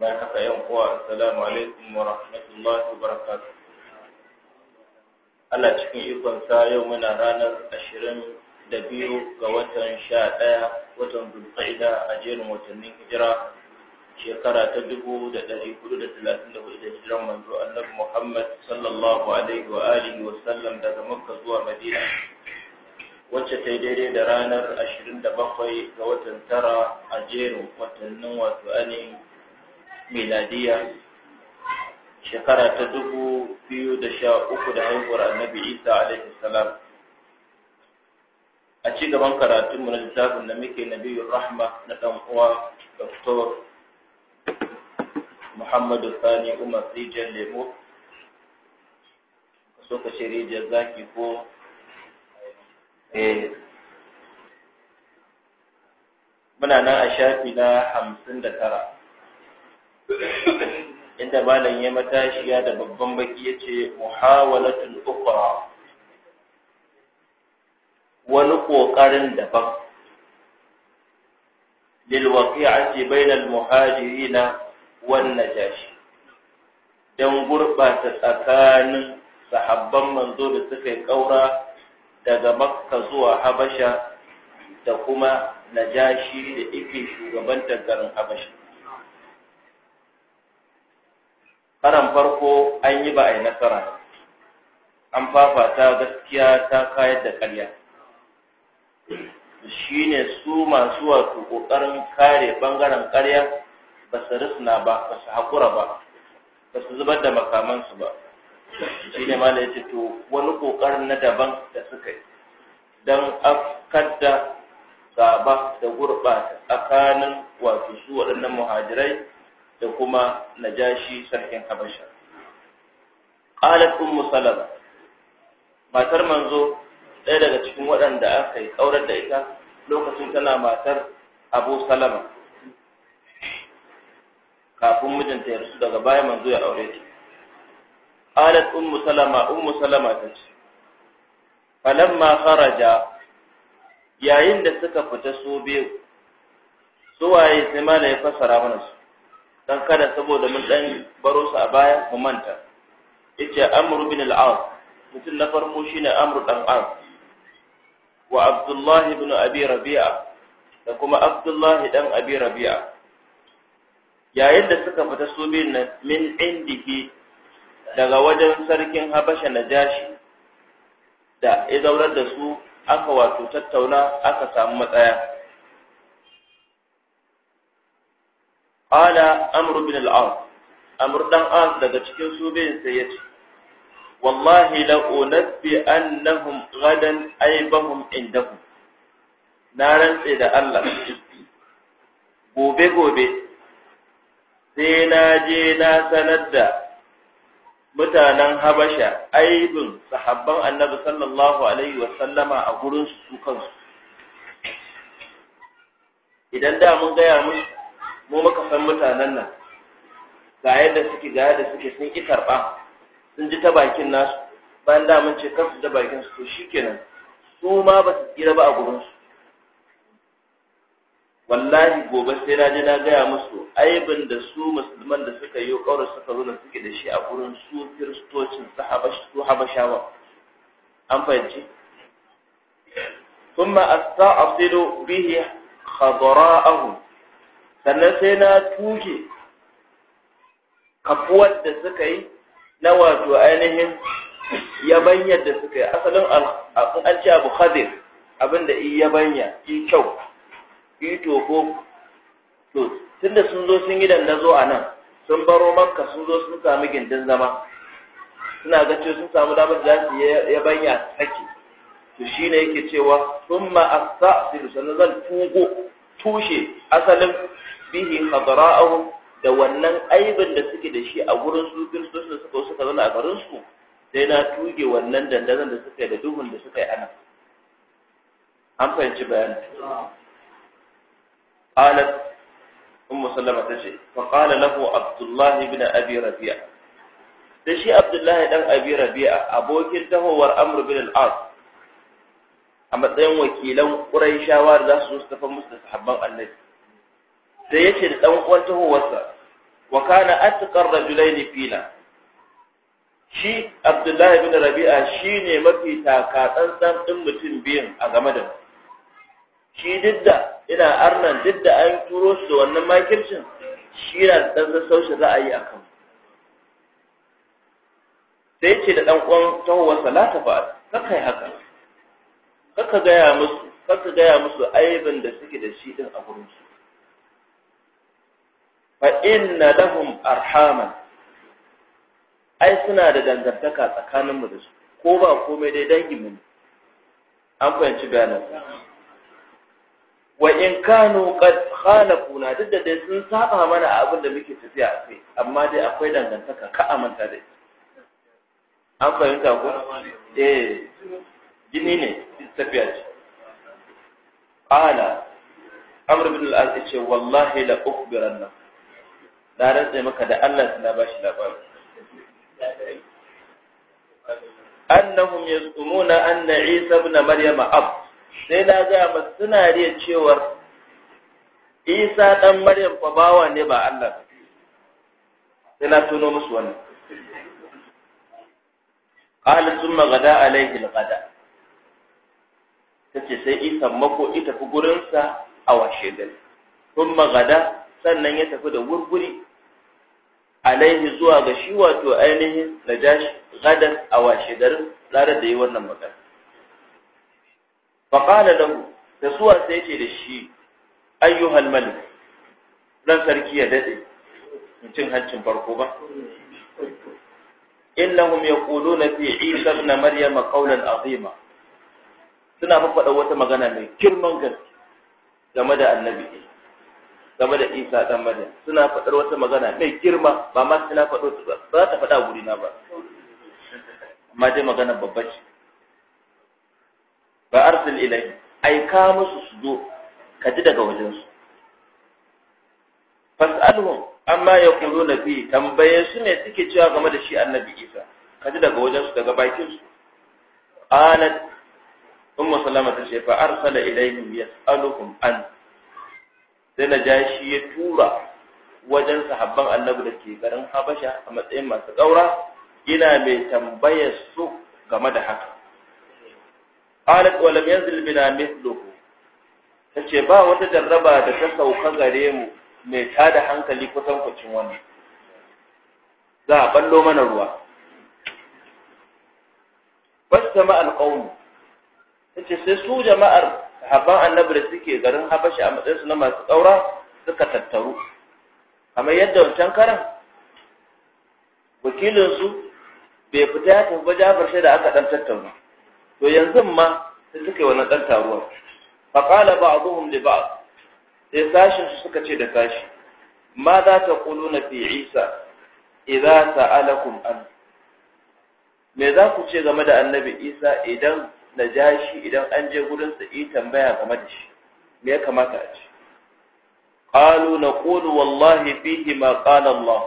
bayan haka yan kowa assalamu alaikum wa rahmatullahi wa barakatuh Allah cikin ikon sa yau muna ranar 22 ga watan 11 watan Zulqa'ida a jerin watannin hijira shekara ta 1434 da hijiran manzo Annabi Muhammad sallallahu alaihi wa alihi wa sallam daga Makka zuwa Madina wacce ta yi daidai da ranar 27 ga watan tara a jerin watannin wato ainihin miladiya shekara ta dubu biyu da sha uku da haihuwar annabi isa alaihi salam a ci gaban karatunmu na littafin da muke nabiyu rahma na dan uwa dr muhammadu sani umar rijiyar lemo so ka ce rijiyar zaki ko eh. muna nan a shafi na hamsin da tara inda malam ya matashiya da babban baki ya ce muhawalatul ukra wani ƙoƙarin daban lilwaƙi'ati bainal muhajirina wan najashi don gurɓata tsakanin sahabban manzo da suka yi ƙaura daga makka zuwa habasha da kuma najashi da ike shugabantar garin habasha karan farko an yi ba a yi nasara an fafata gaskiya ta kayar da ƙarya shi ne su masu wato ƙoƙarin kare ɓangaren ƙarya ba su risna ba ba su haƙura ba ba su zubar da makamansu ba shi ne ma da to wani ƙoƙarin na daban da suka yi don afkar da gaba da gurɓata tsakanin wato su waɗannan muhajirai da kuma najashi sarkin habasha qalat ummu salama matar manzo ɗaya daga cikin waɗanda aka yi kaurar da ita lokacin tana matar abu salama kafin mijinta ya rasu daga baya manzo ya aure ta qalat ummu salama ummu salama ta ce falamma kharaja yayin da suka fita su biyu suwaye sai mala ya fassara mana su dan kada saboda mun dan baro su a baya mu manta yace amru bin al mutum na farko shine amr dan as wa Abdullahi bin abi rabi'a da kuma Abdullahi dan abi rabi'a yayin da suka fita su bin min indiki daga wajen sarkin habasha najashi da ya da su aka wato tattauna aka samu matsaya ala amru bin al-aw amr dan az daga cikin su bai sai yace wallahi la unabbi annahum gadan aibahum indahum na rantse da Allah gobe gobe sai na je na sanar da mutanen Habasha aibin sahabban Annabi sallallahu alaihi wa sallama a gurin su kansu idan da mun gaya musu mu muka san mutanen nan ga yadda suke ga yadda suke sun ki karɓa sun ji ta bakin nasu bayan da mun ce kansu da bakin su to shikenan su ma ba su tsira ba a gurin su wallahi gobe sai na ji na gaya musu aibin da su musulman da suka yi ƙaurar suka zo da suke da shi a gurin su kiristocin su habashawa an fahimci ثم أستعصل به خضراءهم sannan sai na tuke kafuwar da suka yi na wato ainihin yabanyar da suka yi asalin abin an ce abu khadir abin da yi yabanya yi kyau yi tofo to tunda sun zo sun yi zo a nan sun baro makka sun zo sun sami gindin zama suna ga cewa sun samu damar da su su yabanya tsaki to shi ne yake cewa sun ma'asa sannan zan tugo tushe asalin bihi khadra'ahum da wannan aibin da suke da shi a gurin su kiristocin da suka suka zauna a garin su sai na tuge wannan dandazon da suka yi da duhun da suka yi ana an fahimci bayani qalat ummu sallama tace fa qala lahu abdullah ibn abi rabi'a da shi abdullah dan abi rabi'a abokin tahowar amr bin al-as a matsayin wakilan quraishawa da za su tafi musu da sahabban annabi sai ce da dan uwan tahowarsa wa kana atqar rajulaini fina shi abdullahi bin rabi'a shine mafi taka tsantsan din mutum biyan a game da shi didda ina arnan didda an turo su da wannan makircin shi na dan sassaucin ra'ayi akan sai ce da dan uwan tahowarsa la tafa kakai haka kaka gaya musu kaka gaya musu aibin da suke da shi din a gurin su fa inna lahum arhaman ai suna da dangantaka tsakaninmu da su ko ba komai dai dangi mu an fahimci bayanin wa in kanu qad khalaquna duk da dai sun saba mana abin da muke tafiya a kai amma dai akwai dangantaka ka amanta da an fahimta ko eh gini ne tafiya ce qala amr ibn al-az ce wallahi la ukhbiranna na rantsa maka da Allah na ba shi labari annahum yazumuna anna Isa ibn Maryam ab sai na ga masu suna riya cewa Isa dan Maryam fa bawa ne ba Allah sai na tuno musu wannan qala thumma gada alayhi al-gada tace sai Isa mako ita fi gurinsa a washe gari thumma gada sannan ya tafi da gurguri alaihi zuwa ga shi wato ainihin jashi gadan a washe garin ranar da yi wannan magana faƙala lahu da suwa sai ce da shi ayyuhal malik ran sarki ya daɗe cin hancin farko ba In ya ƙudo na fi isa na maryama ƙaunar azima suna faɗa wata magana mai girman gaske game da annabi game da Isa dan madan suna faɗar wata magana mai girma ba ma suna faɗo ta ba ba ta faɗa guri na ba amma dai magana babba ce ba arsil ilahi ka musu su zo ka ji daga wajen su fasalhu amma yaquluna nabi tambaye su ne suke cewa game da shi annabi Isa ka ji daga wajen su daga bakin su qalat ummu salama ta ce fa arsala ilaihim yas'aluhum an sai na ja shi ya tura wajen sahabban annabi da ke garin habasha a matsayin masu ƙaura ina mai tambayar su game da haka alat walam yanzu yanzil mislu Ta ce ba wata jarraba da ta sauka gare mu mai tada hankali kusan kucin wannan za a ballo mana ruwa jama'ar ƙaunu Ta ce sai su jama'ar sahabban annabi da suke garin habasha a matsayinsu na masu ƙaura suka tattaru kamar yadda wancan karan wakilinsu bai fita ya tafi wajen sai da aka ɗan tattauna to yanzu ma sai suka yi wannan ɗan taruwar faƙala ba a zuhun da ba sai sashin su suka ce da sashi ma za ta ƙulu na fi isa ta sa'alakum an me za ku ce game da annabi isa idan Na jashi idan an je gurin sa yi tambaya game da shi me ya kamata a ce qalu naqulu wallahi fihi ma qala Allah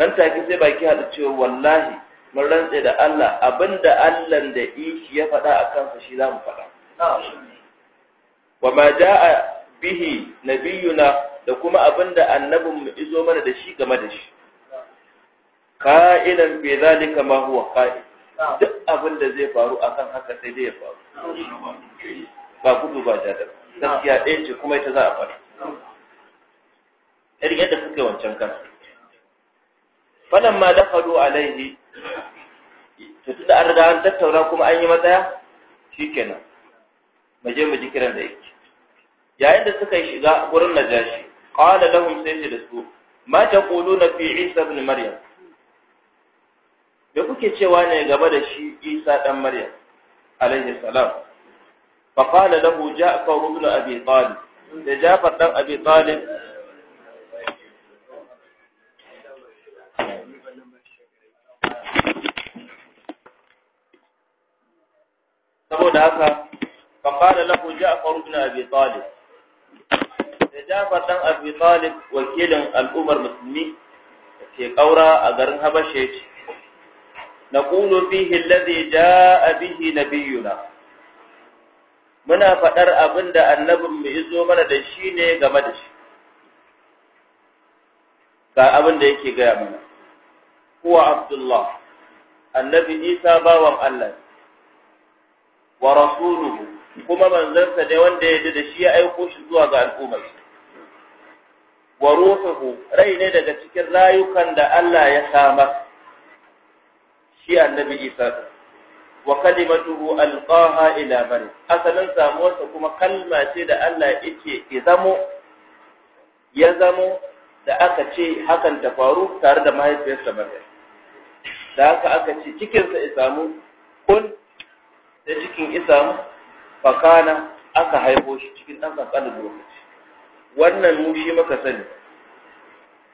nan take sai baki hada cewa wallahi mun rantse da Allah abinda Allah da ishi ya faɗa a kansa shi za mu faɗa wa ma ja'a bihi nabiyuna da kuma abinda annabin mu izo mana da shi game da shi ka'ilan bi zalika ma huwa qa'il duk abin da zai faru akan haka sai dai ya faru ba gudu ba jadar gaskiya ɗaya ce kuma ita za a faru irin yadda suke wancan kan falamma dakhalu alaihi to tunda an riga an tattauna kuma an yi matsaya shikenan mu je mu ji kiran da yake yayin da suka shiga gurin najashi qala lahum da su. ma taquluna fi isa ibn maryam da kuke cewa ne gaba da shi Isa dan Maryam alaihi salam fa qala lahu Ja'far ibn Abi Talib da Ja'far dan Abi Talib saboda haka fa qala lahu Ja'far ibn Abi Talib da Ja'far dan Abi Talib wakilin al'ummar musulmi ke kaura a garin Habasha نقول فيه الذي جاء bihi نبينا muna faɗar abin da mu ya mana da shi ne game da shi ga abin da yake gaya mana kuwa abdullah annabi isa bawan allah wa rasuluhu kuma manzansa ne wanda ya ji da shi ya aiko shi zuwa ga al'ummar wa ruhuhu rai ne daga cikin rayukan da allah ya samar shi annabi isa wa kalimatuhu alqaha ila maryam asalin samuwarsa kuma kalma ce da Allah yake izamo ya zamo da aka ce hakan ta faru tare da mahaifiyarsa maryam da haka aka ce cikinsa isamu kun da cikin isamu fakana aka haifo shi cikin ɗan ƙanƙanin lokaci wannan mu shi maka sani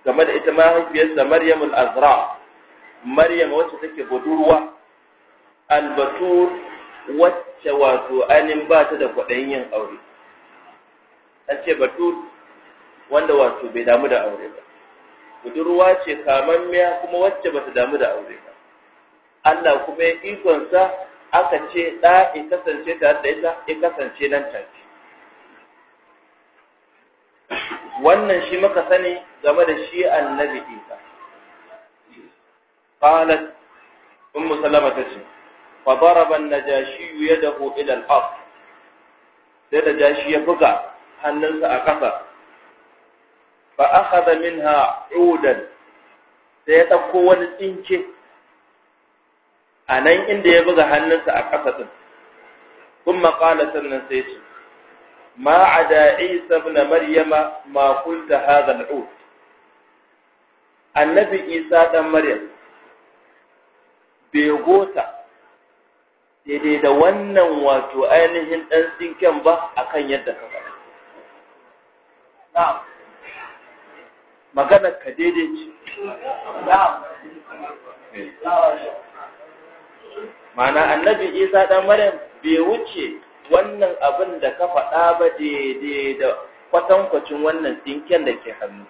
game da ita mahaifiyarsa maryam al-azra maryam wacce take budurwa albatur wacce wato ainihin ba ta da kwaɗayin yin aure an ce batur wanda wato bai damu da aure ba budurwa ce kamammiya kuma wacce ba ta damu da aure ba Allah kuma ya ikonsa aka ce ɗa in kasance tare da ita in kasance nan take wannan shi muka sani game da shi annabi isa قالت أم سلمة تسي فضرب النجاشي يده إلى الأرض ده نجاشي يبقى هننسى أكثر فأخذ منها عودا سيتبقى ونسينك أنا إن يبقى هننسى أكثر ثم قال سنة تشي ما عدا عيسى ابن مريم ما قلت هذا العود النبي عيسى ابن مريم begota daidai da wannan wato ainihin ɗan tsinken ba akan yadda ka faɗa. Na'am. Magana ka daidai ce. Na'am. Mana annabi Isa ɗan Maryam bai wuce wannan abin da ka faɗa ba daidai da kwatankwacin wannan tsinken da ke hannu.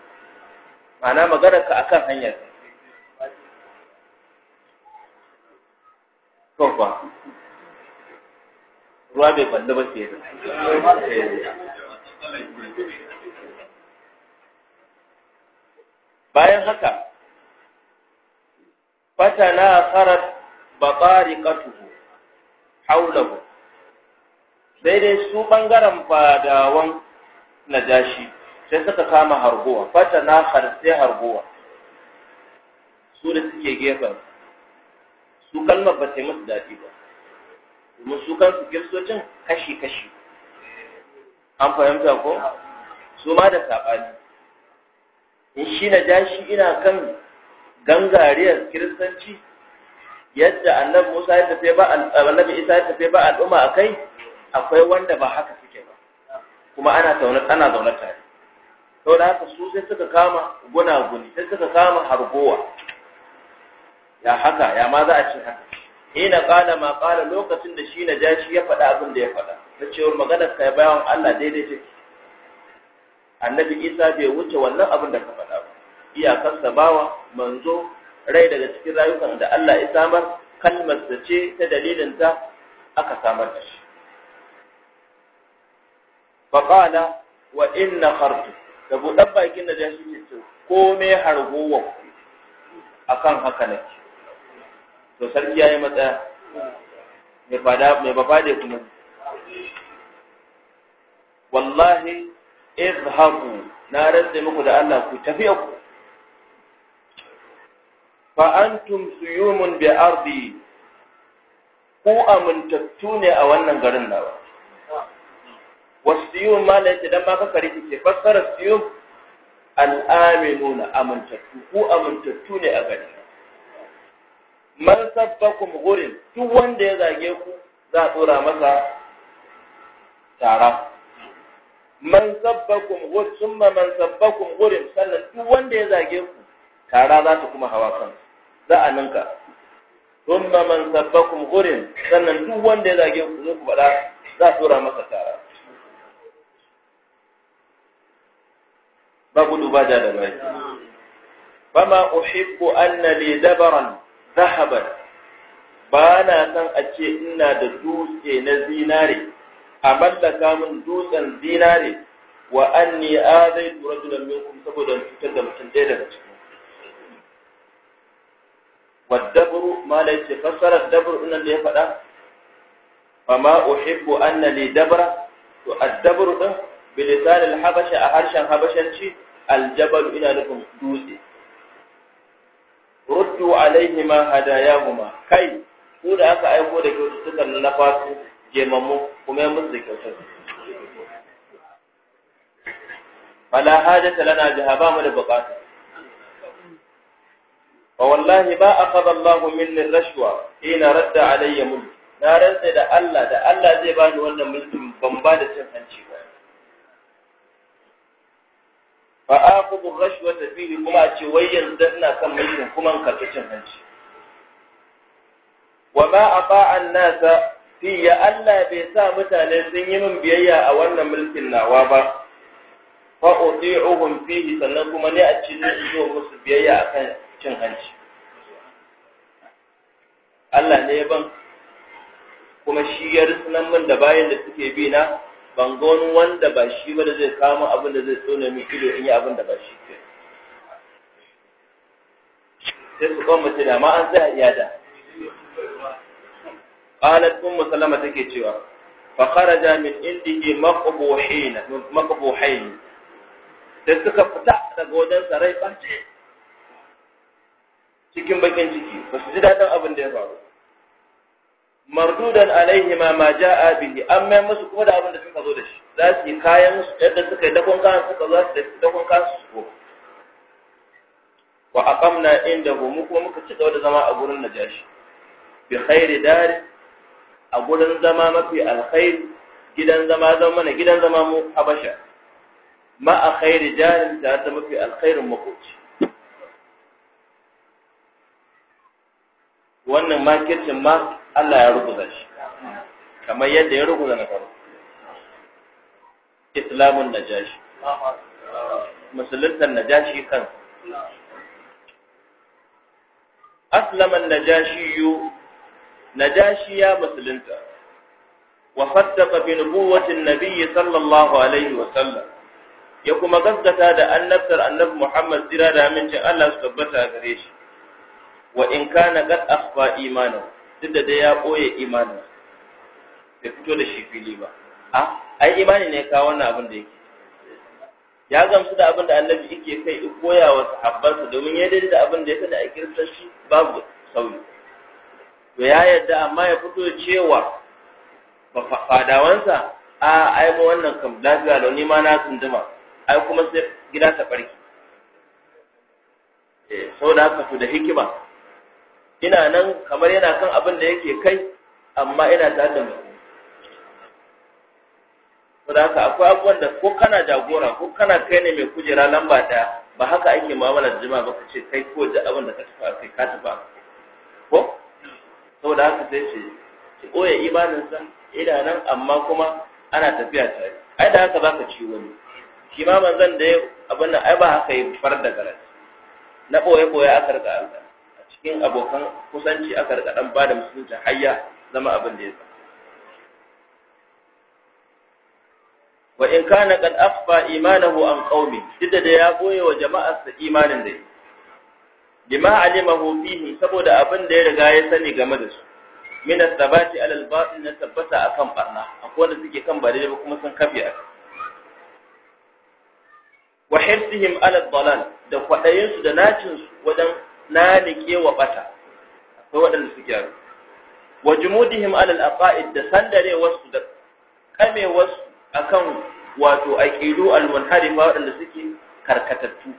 Mana magana ka akan hanyar. Bayan haka, ruwa bai banda ba ke da bayan haka fatana haulahu sai dai su ɓangaren fadawan najashi sai suka kama harguwa fata na sai harguwa su da suke gefen su kalmar ba ta yi masu daɗi ba domin su kansu kiristocin kashi-kashi an fahimta ko su ma da saɓani in shi na jashi ina kan gangariyar kiristanci yadda annabi Musa ya tafi ba annabi Isa ya tafi ba al'umma akai akwai wanda ba haka suke ba kuma ana zaune ana zaune tare saboda haka su sai suka kama guna guni sai suka kama hargowa ya haka ya ma za a ce haka ina kana ma kana lokacin da shi najashi ya faɗa abin da ya faɗa ta cewar maganar ka bayan Allah daidai take annabi Isa bai wuce wannan abin da ka faɗa ba iyakarsa bawa manzo rai daga cikin rayukan da Allah ya samar kalmar da ce ta dalilin ta aka samar da shi kana wa inna khartu da buɗan bakin da jashi ce ko me hargowa akan haka nake to sarki ya yi matsaya mai bafade kuma wallahi izhabu na rantsa muku da Allah ku tafi ku fa antum suyumun bi ardi ku amintattu ne a wannan garin nawa ba? ma la yace dan maka ka kare ke fassara suyum al aminuna amintattu ku amintattu ne a garin man sabbakum gurin duk wanda ya zage ku za a tsora masa tara man sabbakum gurin summa man sabbakum gurin sannan duk wanda ya zage ku tara za ta kuma hawa kan za a ninka summa man sabbakum gurin sannan duk wanda ya zage ku zo ku bada za a tsora masa tara ba gudu ba da mai bai fama uhibbu anna li dabaran zahaban ba na san a ce ina da dutse na zinare a mallaka min dutsen zinare wa anni a zai tura jinan min saboda cutar da mutum ɗaya daga cikin wadabru ma da yake fassarar dabru ɗin da ya faɗa fa ma uhibbu anna li dabra to addabru ɗin bilisanil habasha a harshen habashanci aljabaru ina nufin dutse ruddu alaihima hadayahuma kai ku da aka aiko da kyaututtukan na fasu jemammu kuma ya musu da kyautar fala hajata lana biha ba mu da bukata fa wallahi ba aqada Allah minni rashwa ina radda alayya na rantsa da Allah da Allah zai bani wannan mulkin ban ba da cin hanci ba fa aqudu rashwata fihi kuma a ce wai yanzu ina son mulkin kuma in karɓi cin hanci wa ma ata an-nasa ya Allah bai sa mutane sun yi min biyayya a wannan mulkin nawa ba fa uti'uhum fihi sannan kuma ne a ci zuwa musu biyayya akan cin hanci Allah ne ban kuma shi ya rusunan min da bayan da suke bi na ban ga wani wanda ba shi ba da zai kama abin da zai tsone min ido in yi abin da ba shi ke sai su kwan mutum ma an tsaya iya da qalat ummu salama take cewa fa kharaja min indihi maqbuhin maqbuhin sai suka fita daga wajen sarai bace cikin bakin ciki ba su ji dadin abin da ya faru mardudan alaihima ma ja'a bihi amma musu kuma da abin da suka zo da shi za su yi kayan musu yadda suka yi dakon kan suka za su da dakon kan su ko wa aqamna indahu mu kuma muka ci gaba da zama a gurin najashi bi khairi dar a gurin zama mafi alkhairi gidan zama zama mana gidan zama mu habasha ma a khairi dar da ta mafi alkhair makoci wannan makircin ma Allah ya rubuta shi kamar yadda ya rubuta na farko islamun najashi musulunta najashi kan aslaman najashi yu najashi ya musulunta wa faddaka bi nubuwatin nabiyyi sallallahu alaihi wa sallam ya kuma gaskata da annabtar annabi Muhammad jira da amincin Allah su tabbata gare shi wa in kana qad akhfa imanahu duk da dai ya ɓoye imanin bai fito da shi fili ba a ai imani ne kawo wannan abin da yake ya gamsu da abin da annabi yake kai in koya wa sahabbansa domin ya daidai da abin da ya tada a kiristanci babu sauyi to ya yarda amma ya fito cewa fadawansa a ai mu wannan kam lafiya da ni ma na tsunduma ai kuma sai gida ta barki eh da haka to da hikima ina nan kamar yana kan abin da yake kai amma ina tare da mai saboda haka akwai abubuwan da ko kana jagora ko kana kai ne mai kujera lamba ɗaya ba haka ake mu'amalar jima ba ka ce kai ko da abin da ka tafi kai ka tafi ko saboda haka sai ce ki ɓoye imaninsa ina nan amma kuma ana tafiya tare ai da haka za ka ci wani shi ma manzon da ya abin nan ai ba haka yi far da garaji na ɓoye-ɓoye aka riga Allah cikin abokan kusanci aka rika dan bada musulunci hayya zama abin da ya wa in kana kad akhfa imanahu an qaumi didda da ya boye wa jama'arsa imanin da bima alimahu fihi saboda abin da ya riga ya sani game da su min as-sabati ala na tabbata akan barna akwai wanda suke kan ba daidai ba kuma sun kafi a wa hirsihim ala dalal da kwadayin su da nacin su wajen lalike wa bata akwai waɗanda su gyaru wa jumudihim alal aqaid da sandare wasu da kame wasu akan wato aqidu al munharifa waɗanda suke karkatattu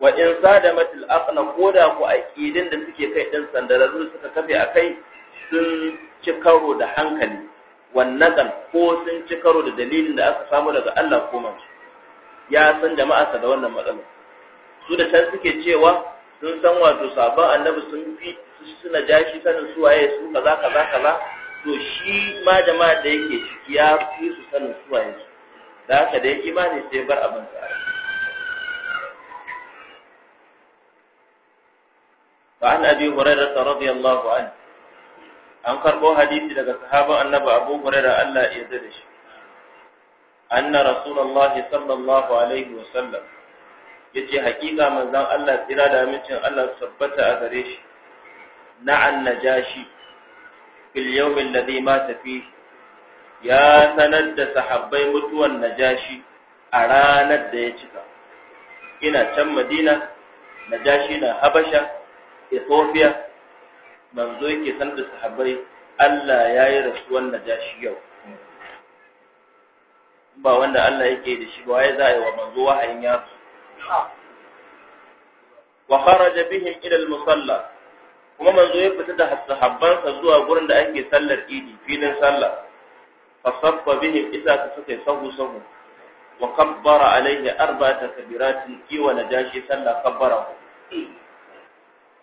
wa in sadamat al aqna koda ku aqidin da suke kai din su suka kafe akai sun ci karo da hankali wannan ko sun ci karo da dalilin da aka samu daga Allah ko manzo ya san jama'arsa da wannan matsalar su da can suke cewa sun san wato sabon annabi sun fi suna jashi sanin su waye su kaza kaza kaza to shi ma jama'a da yake ciki ya fi su sanin su waye su da haka da imani sai bar abin tsara فعن أبي هريرة رضي الله عنه an karɓo hadisi daga sahaban annabi abu hurairah Allah ya yarda da shi anna rasulullahi sallallahu alaihi wa sallam yace hakika manzon Allah tsira da amincin Allah tabbata a gare shi na annajashi fil yawm alladhi mata fi ya sanar da sahabbai mutuwan najashi a ranar da ya cika ina can Madina najashi na Habasha Ethiopia manzo yake sanar da sahabbai Allah ya yi rasuwan najashi yau ba wanda Allah yake da shi ba wai za a yi wa manzo wahayin yaro wa kharaja bihim ila al-musalla kuma manzo ya fita da sahabbansa zuwa gurin da ake sallar idi filin sallah fasaffa bihim idza ka suka sahu sahu wa kabbara alaihi ta kabiratin iwa najashi sallah kabbara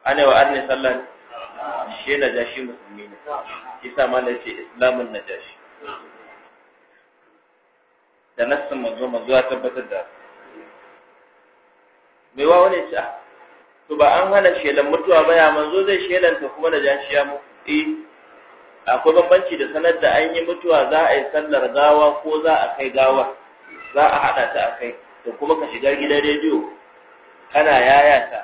ana wa arni sallah shi najashi musulmi ne isa ma ne ce islamun najashi da nassin manzo manzo ya tabbatar da mai wa wani ah, to ba an hana shelan mutuwa ba ya manzo zai shelanta kuma da jan shi E, akwai bambanci da sanar da an yi mutuwa za a yi sallar gawa ko za a kai gawa za a haɗa ta a kai da kuma ka shiga gidan rediyo kana yaya ta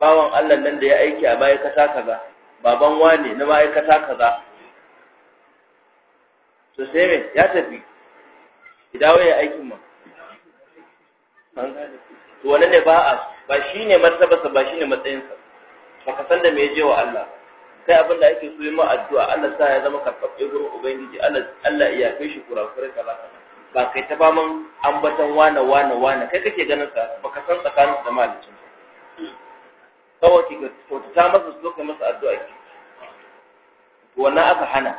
bawan Allah nan da ya aiki a kasa kaza baban wane na kasa kaza to sai ya tafi ki dawo ya aikin mu to wannan ne ba a ba shine martabarsa ba shine matsayinsa baka san da me yaje wa Allah kai abin da ake so yi ma addu'a Allah sa ya zama karfafe gurin ubangiji Allah Allah ya kai shi kurakurai kaza ba kai ta baman ambatan wana wana wana kai kake ganin sa baka san tsakanin da malicin kawai ki ta masa so kai masa addu'a ki wannan aka hana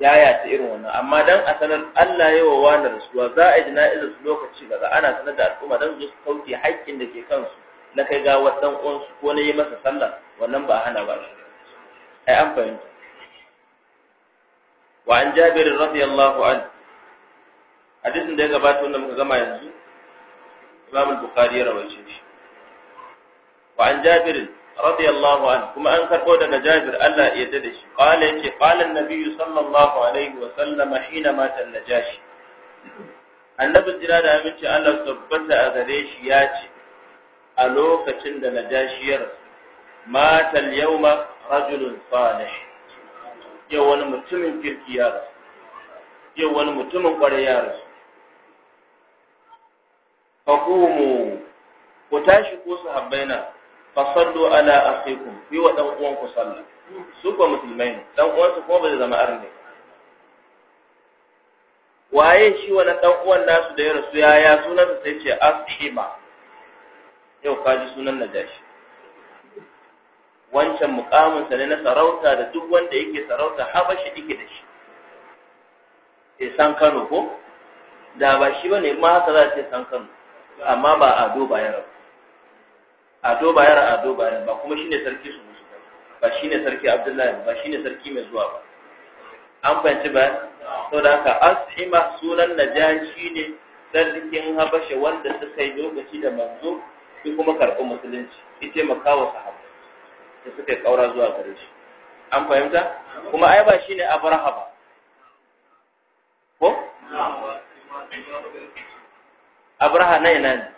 yaya ta irin wannan amma dan a sanar Allah ya wa wani rasuwa za a jina jana'izar su lokaci daga ana sanar da al'umma dan su kauce haƙƙin da ke kansu na kai ga wadan uwansu ko na yi masa sallah wannan ba hana ba ai an fahimta wa an jabir radiyallahu an hadisin da ya gabata wanda muka gama yanzu Imam al-Bukhari ya rawaice shi wa an jabir radiyallahu anhu kuma an karbo daga Jabir Allah ya yarda da shi qala yake qala an-nabi sallallahu alaihi wa sallam hina mata najashi annabi jira da aminci Allah tabbata a gare shi ya ce a lokacin da najashi ya rasu mata al-yawma rajulun salih yau wani mutumin kirki ya rasu yau wani mutumin kware ya rasu faqumu ku tashi ku su sahabbaina fasallu ala akhikum yi wa dan uwan ku sallah su ko musulmai ne dan uwan su ko bai zama arne waye shi wani dan uwan nasu da ya rasu ya ya sunan sa sai ce asima yau ka ji sunan najashi wancan muqamin sa ne na sarauta da duk wanda yake sarauta habashi dike da shi eh san Kano ko da ba shi bane ma haka za ta san Kano amma ba ado ba ya rabu ado bayar ado bayar ba kuma shine sarki su musu ba shine sarki abdullahi ba shine sarki mai zuwa ba an fahimci ba da haka as'ima sunan najashi ne sarkin habasha wanda suka yi lokaci da manzo su kuma karɓi musulunci ya taimaka wa sahaba, da suka yi ƙaura zuwa gare shi an fahimta kuma ai ba shine abraha ba ko abraha na ina ne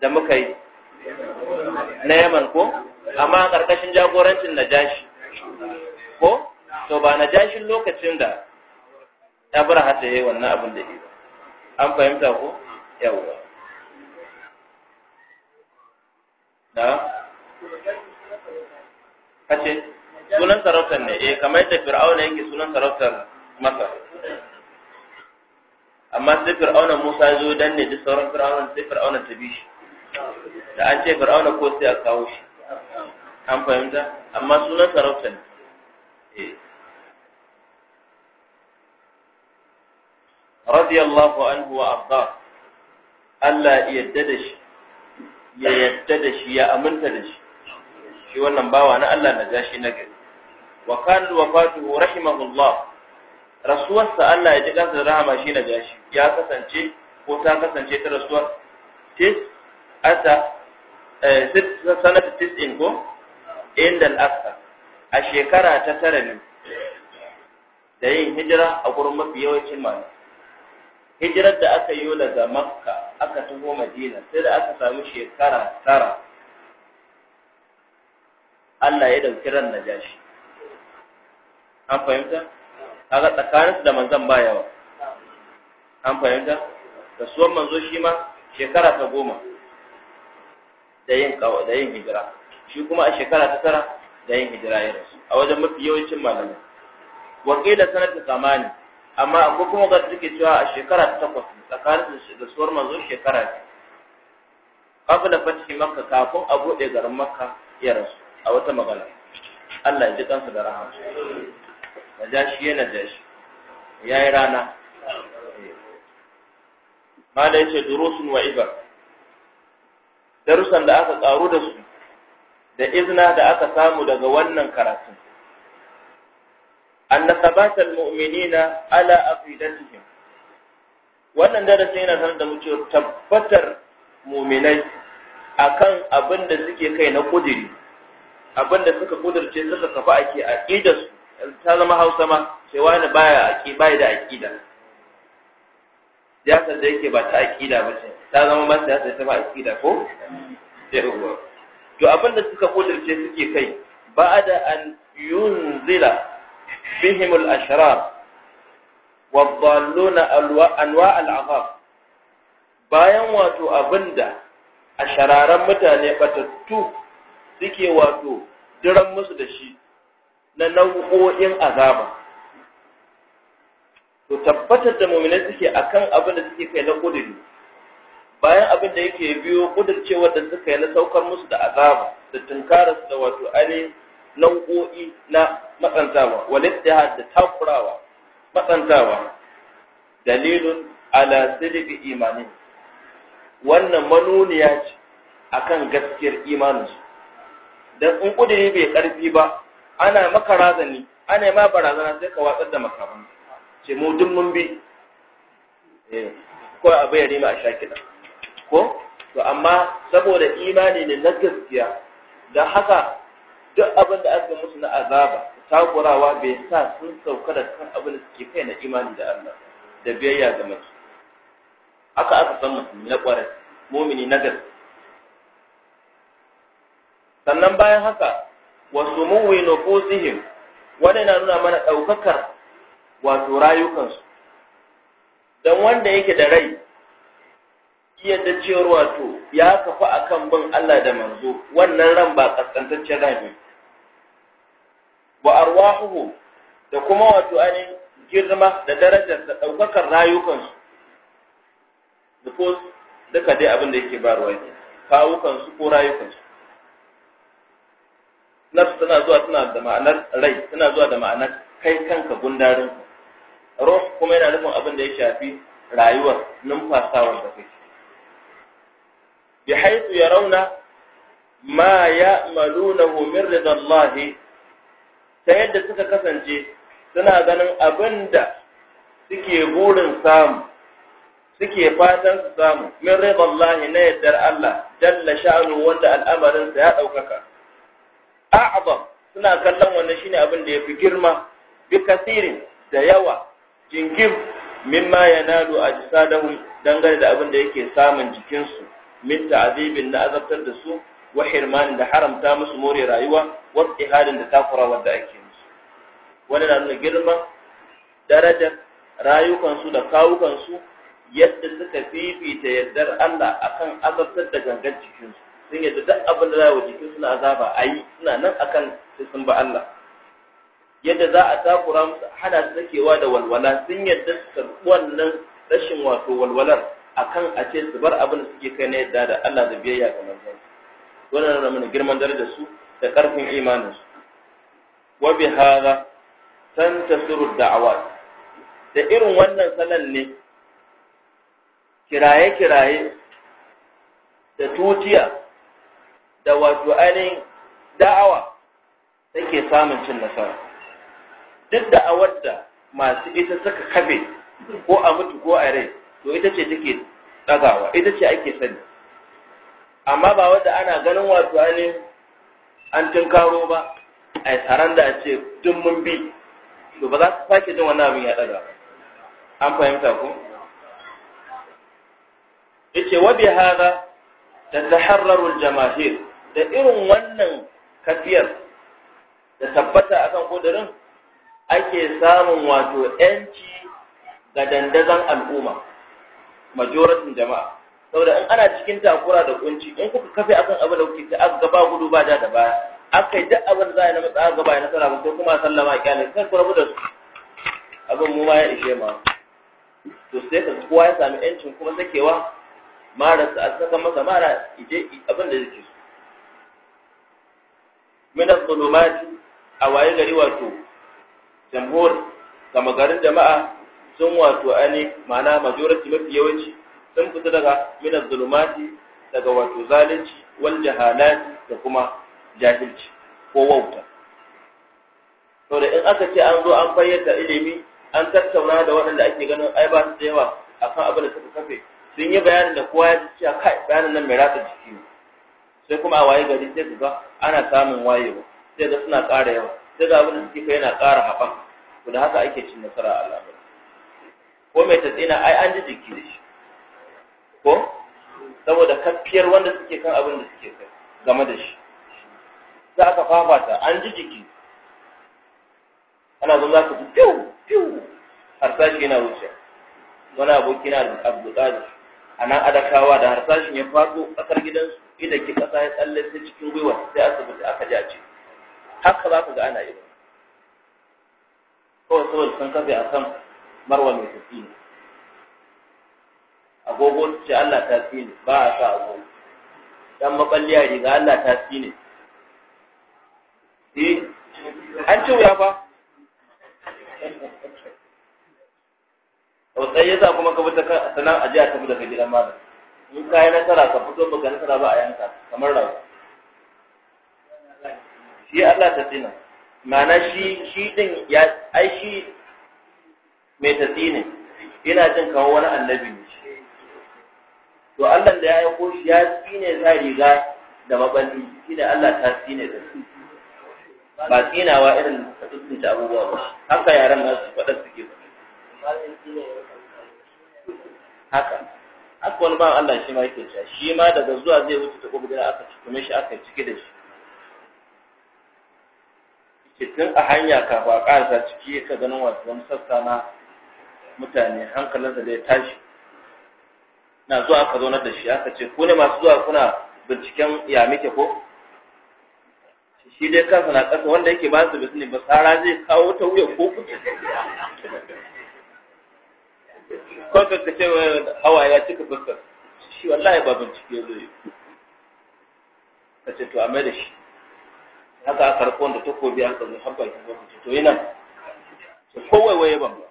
da muka yi na yaman ko amma ƙarƙashin jagorancin najashi ko to ba najashin lokacin da abraha ta yi wannan abin da yi an fahimta ko yawwa da kace sunan sarautar ne eh kamar yadda fir'auna yake sunan sarautar masa amma sai fir'auna musa ya zo danne duk sauran fir'auna sai fir'auna ta bi shi da an ce fir'auna ko sai a kawo shi an fahimta amma sunan sarauta ne eh. radiyallahu anhu wa abba Allah ya yadda da shi ya yadda da shi ya aminta da shi shi wannan bawa na Allah na gashi na gari wa kan wafatuhu rahimahullah rasuwarsa Allah ya ji kansa da rahama shi na gashi ya kasance ko ta kasance ta rasuwar sai asa sanata tis'in ko inda al'asa a shekara ta tara ne da yin hijira a gurin mafi yawancin malamai hijirar da aka yi daga makka aka taho madina sai da aka samu shekara tara Allah ya dauki ran najashi an fahimta kaga tsakanin da manzon ba yawa an fahimta Da suwan manzo shi ma shekara ta goma da yin da yin hijira shi kuma a shekara ta tara da yin hijira ya rasu a wajen mafi yawancin malamai wa qila sanata zamani amma akwai kuma ga suke cewa a shekara ta takwas tsakanin da suwar manzo shekara Kafin qabla fathi makka kafin a bude garin makka ya rasu a wata magana Allah ya ji kansa da rahama jashi ya najashi yayi rana mala yace durusun wa ibar darussan da aka karu da su da izna da aka samu daga wannan karatu an nasabatal mu'minina ala aqidatihim wannan darasi yana sanar da mu tabbatar mu'minai akan abin da suke kai na kudiri abin da suka kudirce suka kafa ake aqidar su ta zama Hausa ma cewa ne baya baya da aqida siyasar da yake ba ta aƙida ba ce ta zama ma siyasa ta ba aƙida ko yawwa to abin da suka kudurce suke kai ba da an yunzila bihim al-ashrar والضالون bayan wato abinda a shararan mutane batattu suke wato diran musu da shi na nau'o'in azaba to tabbatar da mu'minai suke akan abin da suke kai na kudiri bayan abin da yake biyo kudircewar da suka yi na saukar musu da azaba da tunkarar da wato ainihin nau'o'i na matsantawa walittihad da takurawa matsantawa dalilun ala sidqi imani wannan manuniya ce akan gaskiyar imaninsu dan in kudiri bai karfi ba ana maka razani ana ma barazana sai ka watsar da makamanta. ce mu duk mun bi eh, ko abu ya nema a sha kiɗa ko to amma saboda imani ne na gaskiya da haka duk abin da aka musu na azaba takurawa bai sa sun sauka da kan abin da suke kai na imani da Allah da biyayya ga maki, aka aka san mutum na ƙwarai mumini na gaskiya sannan bayan haka wasu muwi nufusihim wannan na nuna mana ɗaukakar wato rayukansu don wanda yake da rai iya da cewar wato ya kafa akan bin Allah da manzo wannan ran ba kaskantaccen rami ba arwahuhu da kuma wato ainihin girma da darajar da ɗaukakar rayukansu ko duka dai abin da yake barwa ne kawukansu ko rayukansu nafsu tana zuwa tana da ma'anar rai tana zuwa da ma'anar kai kanka gundarin ruh kuma yana nufin abin da ya shafi rayuwar numfasawar wanda kake bi haythu yarawna ma ya'malunahu min ridallahi ta yadda suka kasance suna ganin abin da suke burin samu suke fatan su samu min ridallahi na yardar Allah jalla sha'nu wanda al'amarin sa ya daukaka a'zam suna kallon wannan shine abin da yafi girma bi kasirin da yawa jinkir mimma yanalu ajsadahum dangane da abin da yake samun jikinsu min ta'azibin na azabtar da su wa hirmanin da haramta musu more rayuwa wa ihadin da takura wanda ake musu Wani na nuna girman darajar rayukansu da kawukansu yadda suka fifita yardar Allah akan azabtar da gangan jikinsu sun yadda duk abin da za wa jikinsu na azaba ayi suna nan akan sun ba Allah yadda za a takura musu hana su sakewa da walwala sun yadda su karɓi wannan rashin wato walwalar akan a ce su bar abin da suke kai na yadda da Allah da biyayya ga manzon wannan na mana girman darajar su da ƙarfin imanin su wa bi hadha tantasiru da'awat da irin wannan salon ne kiraye-kiraye da tutiya da wato ainihin da'awa take samun cin nasara duk da a masu ita saka kabe ko a mutu ko a rai to ita ce take ɗagawa ita ce ake sani amma ba wadda ana ganin wato ne an tunkaro ba a yi tsaron da ce duk mun bi to ba za su sake jin wani abin ya ɗaga an fahimta ko yace wa bi hada ta taharraru jamaahir da irin wannan kafiyar da tabbata akan kodarin ake samun wato ‘yanci ga dandazon al'umma, majoratin jama'a. Saboda in ana cikin takura da kunci, in kuka kafe akan abin da kuke ta aka gaba gudu ba da baya, aka yi duk abin da za a yi na matsa gaba na nasara ko kuma sallama kyalin sai ku rabu da su. Abin mu ma ya ishe ma. To sai ka kowa ya sami ‘yancin kuma sakewa marasa a saka masa mara ije abin da yake so. Min az-zulumati a waye gari wato jamhur gama garin jama'a sun wato ani ma'ana majority mafi yawanci sun fita daga minar zulumati daga wato zalunci wal jahalati da kuma jahilci ko wauta to da in aka ce an zo an bayyana ilimi an tattauna da waɗanda ake ganin ai ba su da yawa akan abin da suka kafe sun yi bayanin da kowa ya ce kai bayanin nan mai ratsa jiki ne sai kuma a waye gari sai ga ana samun wayewa sai ga suna ƙara yawa sai ga abin da suke kai yana ƙara haɓaka to da haka ake cin nasara a al'amari ko mai tatsina ai an ji jiki da shi ko saboda kafiyar wanda suke kan abin da suke kai game da shi za aka fafata an ji jiki ana zama za ka ji fiw fiw harsashi yana wuce wani aboki na abdulkadir a nan adakawa da harsashin ya faso ƙasar gidansu idan ki ƙasa ya tsalle cikin gwiwa sai asibiti aka ji a ce haka za ku ga ana yi kawai saboda sun kafe a kan marwa mai tafi ne agogo ce Allah ta fi ne ba a sa agogo dan makalliya riga Allah ta fi ne eh an ci wuya fa? ba tausayi yasa kuma ka fita sanan aje a tafi daga gidan malam in ka yi nasara ka fito baka nasara ba a yanka kamar rawa shi Allah ta tsina ma'ana shi shi din ya ai shi mai tafi ne ina jin kawo wani annabi ne to Allah da ya ko shi ya tsine za riga da mabanni shine Allah ta tsine da su ba tsinawa irin tsuntsunta abubuwa ba haka yaran na su faɗa suke ba haka haka wani ba Allah shi ma yake cewa shi ma daga zuwa zai wuce ta gobe da aka ci shi aka cike da shi Cikin a hanya ka ba ƙarasa ciki ka ganin wasu wani sassa na mutane hankalin da ya tashi na zuwa ka zaunar da shi aka ce ku ne masu zuwa kuna binciken ya muke ko shi dai kansa na ƙasa wanda yake ba su bisni ba tsara zai kawo ta wuya ko kuke ko ka ce hawa ya cika fuskar shi wallahi ba bincike zai yi ka ce to a mai da shi haka aka rako da takobi an kalli habba ki zo to yana to kowai waye ban to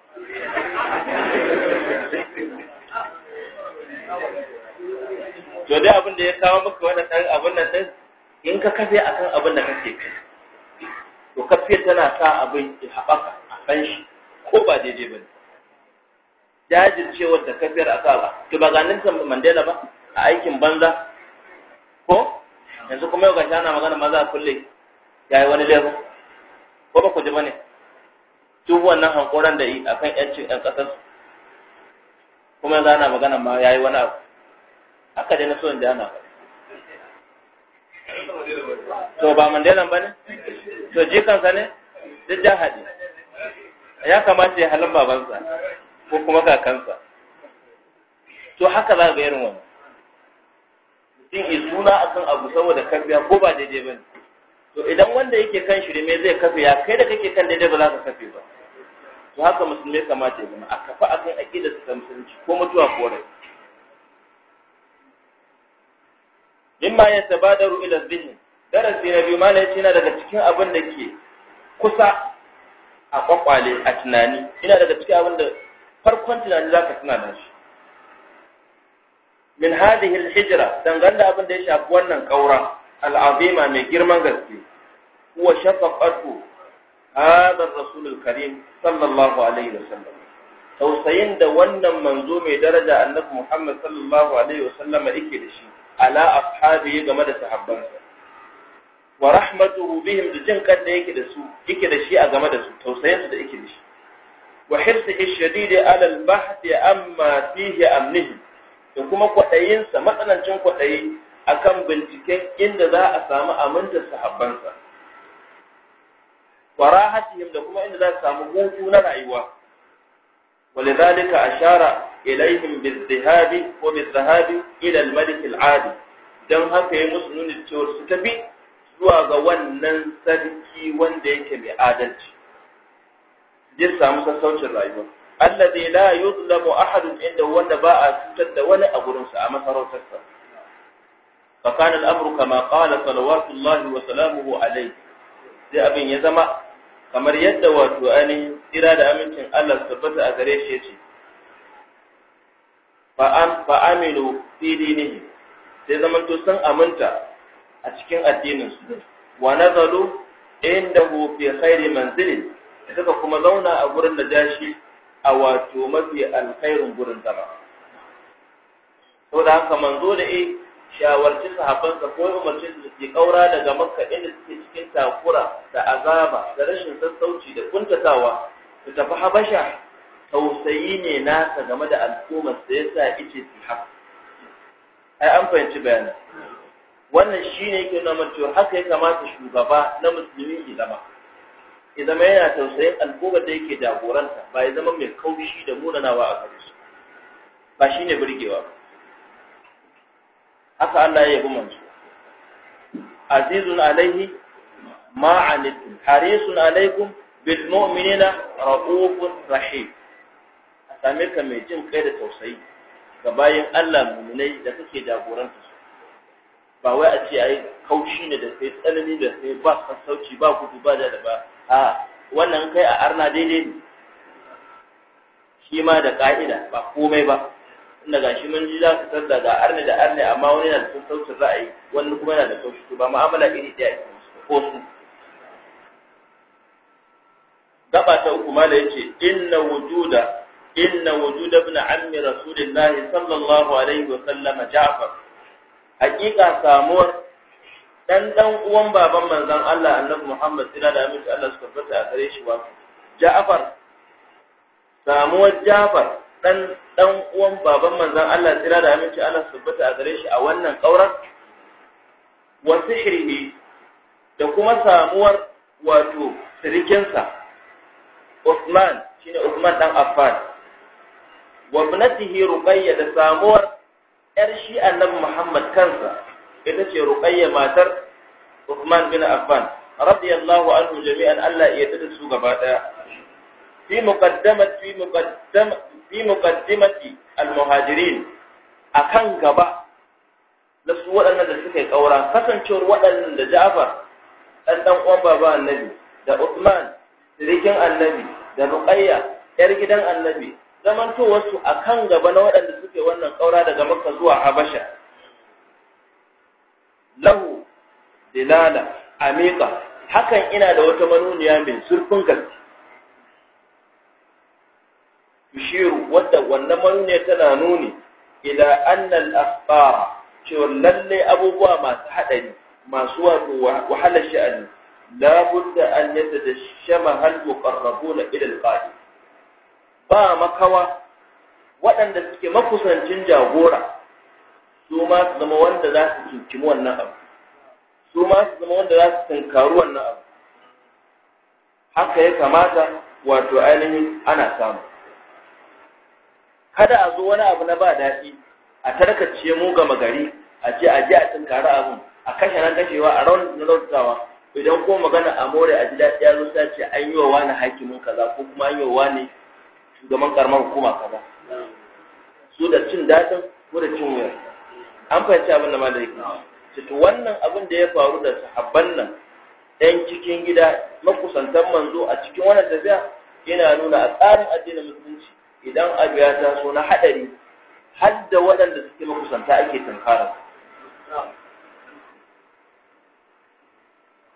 dai abin da ya kawo maka wannan dan abin nan din in ka kafe akan abin da kake kai to kafe tana sa abin ya haɓaka a kan shi ko ba daidai ba dajin cewar da kafiyar a kawo ki ba ganin Mandela ba a aikin banza ko yanzu kuma yau gashi ana magana maza kullum kulle ya yi wani lebu ko ba ku ji bane duk wannan hankoran da yi akan yancin yan kasar kuma yanzu ana magana ma ya yi wani abu haka dai na so in ji ana to ba mandela ba ne to jikansa ne duk haɗi ya kamata ya halin babansa ko kuma kakansa to haka za ga irin wani mutum suna akan abu saboda biya ko ba daidai ba ne to idan wanda yake kan shi shirme zai kafe ya kai da kake kan daidai ba za ka kafe ba to haka musulmi kamata ya zama a kafa akan aqida ta musulunci ko mutuwa ko rai mimma yatabadaru ila zihni darasi na biyu malai yana daga cikin abin da ke kusa a kwakwale a tunani ina daga cikin abin da farkon tunani za ka tuna da shi min hadhihi al dangane da abin da ya shafi wannan kaura al'azima mai girman gaske Kuwa shafaqatu hadha rasulul karim sallallahu alaihi wasallam tausayin da wannan manzo mai daraja annabi Muhammad sallallahu alaihi wasallam yake da shi ala ashabihi game da sahabbansa wa rahmatu bihim da jin kan da yake da su yake da shi a game da su tausayin su da yake da shi wa hirsihi shadidi ala al-bahth amma fihi amnihi da kuma kwaɗayinsa matsanancin kwaɗayi. akan binciken inda za a samu amintar sahabbansa wa rahatihim da kuma inda za a samu hutu na rayuwa ولذلك أشار إليهم بالذهاب وبالذهاب إلى الملك العادي don haka ya musu nuna cewar su tafi zuwa ga wannan sarki wanda yake mai adalci je samu sassaucin rayuwa alladhi la yuzlamu ahadun inda wanda ba a cutar da wani a gurinsa a masarautarsa فكان الامر كما قال صلوات الله وسلامه عليه sai abin ya zama kamar yadda wato ani, tsira da amincin Allah su tabbata a gare shi ce fa aminu fi dinihi sai zamanto sun aminta a cikin addininsu wa nazalu indahu fi khairi manzilin suka kuma zauna a gurin da dashi a wato mafi alkhairin gurin zama saboda haka manzo da eh shawarci sahabbansa ko umarci da ke kaura daga makka inda suke cikin takura da azaba da rashin sassauci da kuntatawa su tafi habasha tausayi ne nasa game da al'ummar da ya sa ice su haka ai an fahimci bayani wannan shi ne yake nuna cewa haka ya kamata shugaba na musulmi ya zama ya zama yana tausayin al'ummar da yake jagoranta ba ya zama mai kaushi da munanawa a gare ba shi ne burgewa ba haka Allah ya yabi su azizun alaihi ma harisun alaikum bil mu'minina raufun rahim a sami ka mai jin kai da tausayi ga bayan Allah mu'minai da kake jagoranta su ba wai a ce a yi kaushi ne da kai tsanani da kai ba sassauci ba gudu ba da ba a wannan kai a arna daidai ne shi ma da ka'ida ba komai ba inda ga shi mun ji za ka tsada da arne da arne amma wani yana da sautin ra'ayi wani kuma yana da sautin ba ma'amala iri ɗaya ko su gaba ta uku mala yake inna wujuda inna wujuda ibn ammi rasulillahi sallallahu alaihi wa sallam ja'far hakika samuwar dan dan uwan baban manzon Allah annabi Muhammad sira da aminci Allah suka fata a kare shi wato Ja'far samuwar Ja'far dan dan uwan baban manzon Allah tsira da aminci ana subbata a gare shi a wannan kaurar wa sihrihi da kuma samuwar wato sirikinsa Uthman shine Uthman dan Affan wa ibnatihi Ruqayyah da samuwar yar shi annabi Muhammad kansa ita ce Ruqayyah matar Uthman bin Affan radiyallahu anhu jami'an Allah ya yarda su gaba daya fi muqaddamat fi muqaddam fi muqaddimati al-muhajirin akan gaba na su waɗannan da suka yi ƙaura kasancewar waɗannan da Ja'far Ɗanɗan dan uwan baba annabi da Uthman sirikin annabi da Ruqayya yar gidan annabi zamantowar su akan gaba na waɗanda suke wannan ƙaura daga Makka zuwa Habasha lahu dilala amika hakan ina da wata manuniya mai zurfin gaske yushiru wanda wannan manuniya tana nuni ila anna al-akhbara cewa lalle abubuwa masu hadari masu wato wahalar sha'ani la budda an yatadashama hal muqarrabuna ila al ba makawa waɗanda suke makusancin jagora su ma su zama wanda za su kinkimi wannan abu su ma su zama wanda za su tunkaru wannan abu haka ya kamata wato ainihin ana samu kada a zo wani abu na ba daɗi a tarkace mu gama gari a ce a ji a tsinkari abun a kashe nan kashewa a raun na rautawa idan ko magana a more a ji daɗi ya zo ta ce an yi wa wani hakimin kaza ko kuma an yi wa wani shugaban karamar hukuma kaza su da cin daɗin ko da cin wuyar an fahimci abin da malai da wannan abin da ya faru da sahabban nan ɗan cikin gida makusantan manzo a cikin wannan tafiya yana nuna a tsarin addinin musulunci idan abu ya taso na haɗari hadda waɗanda suke makusanta ake tunkara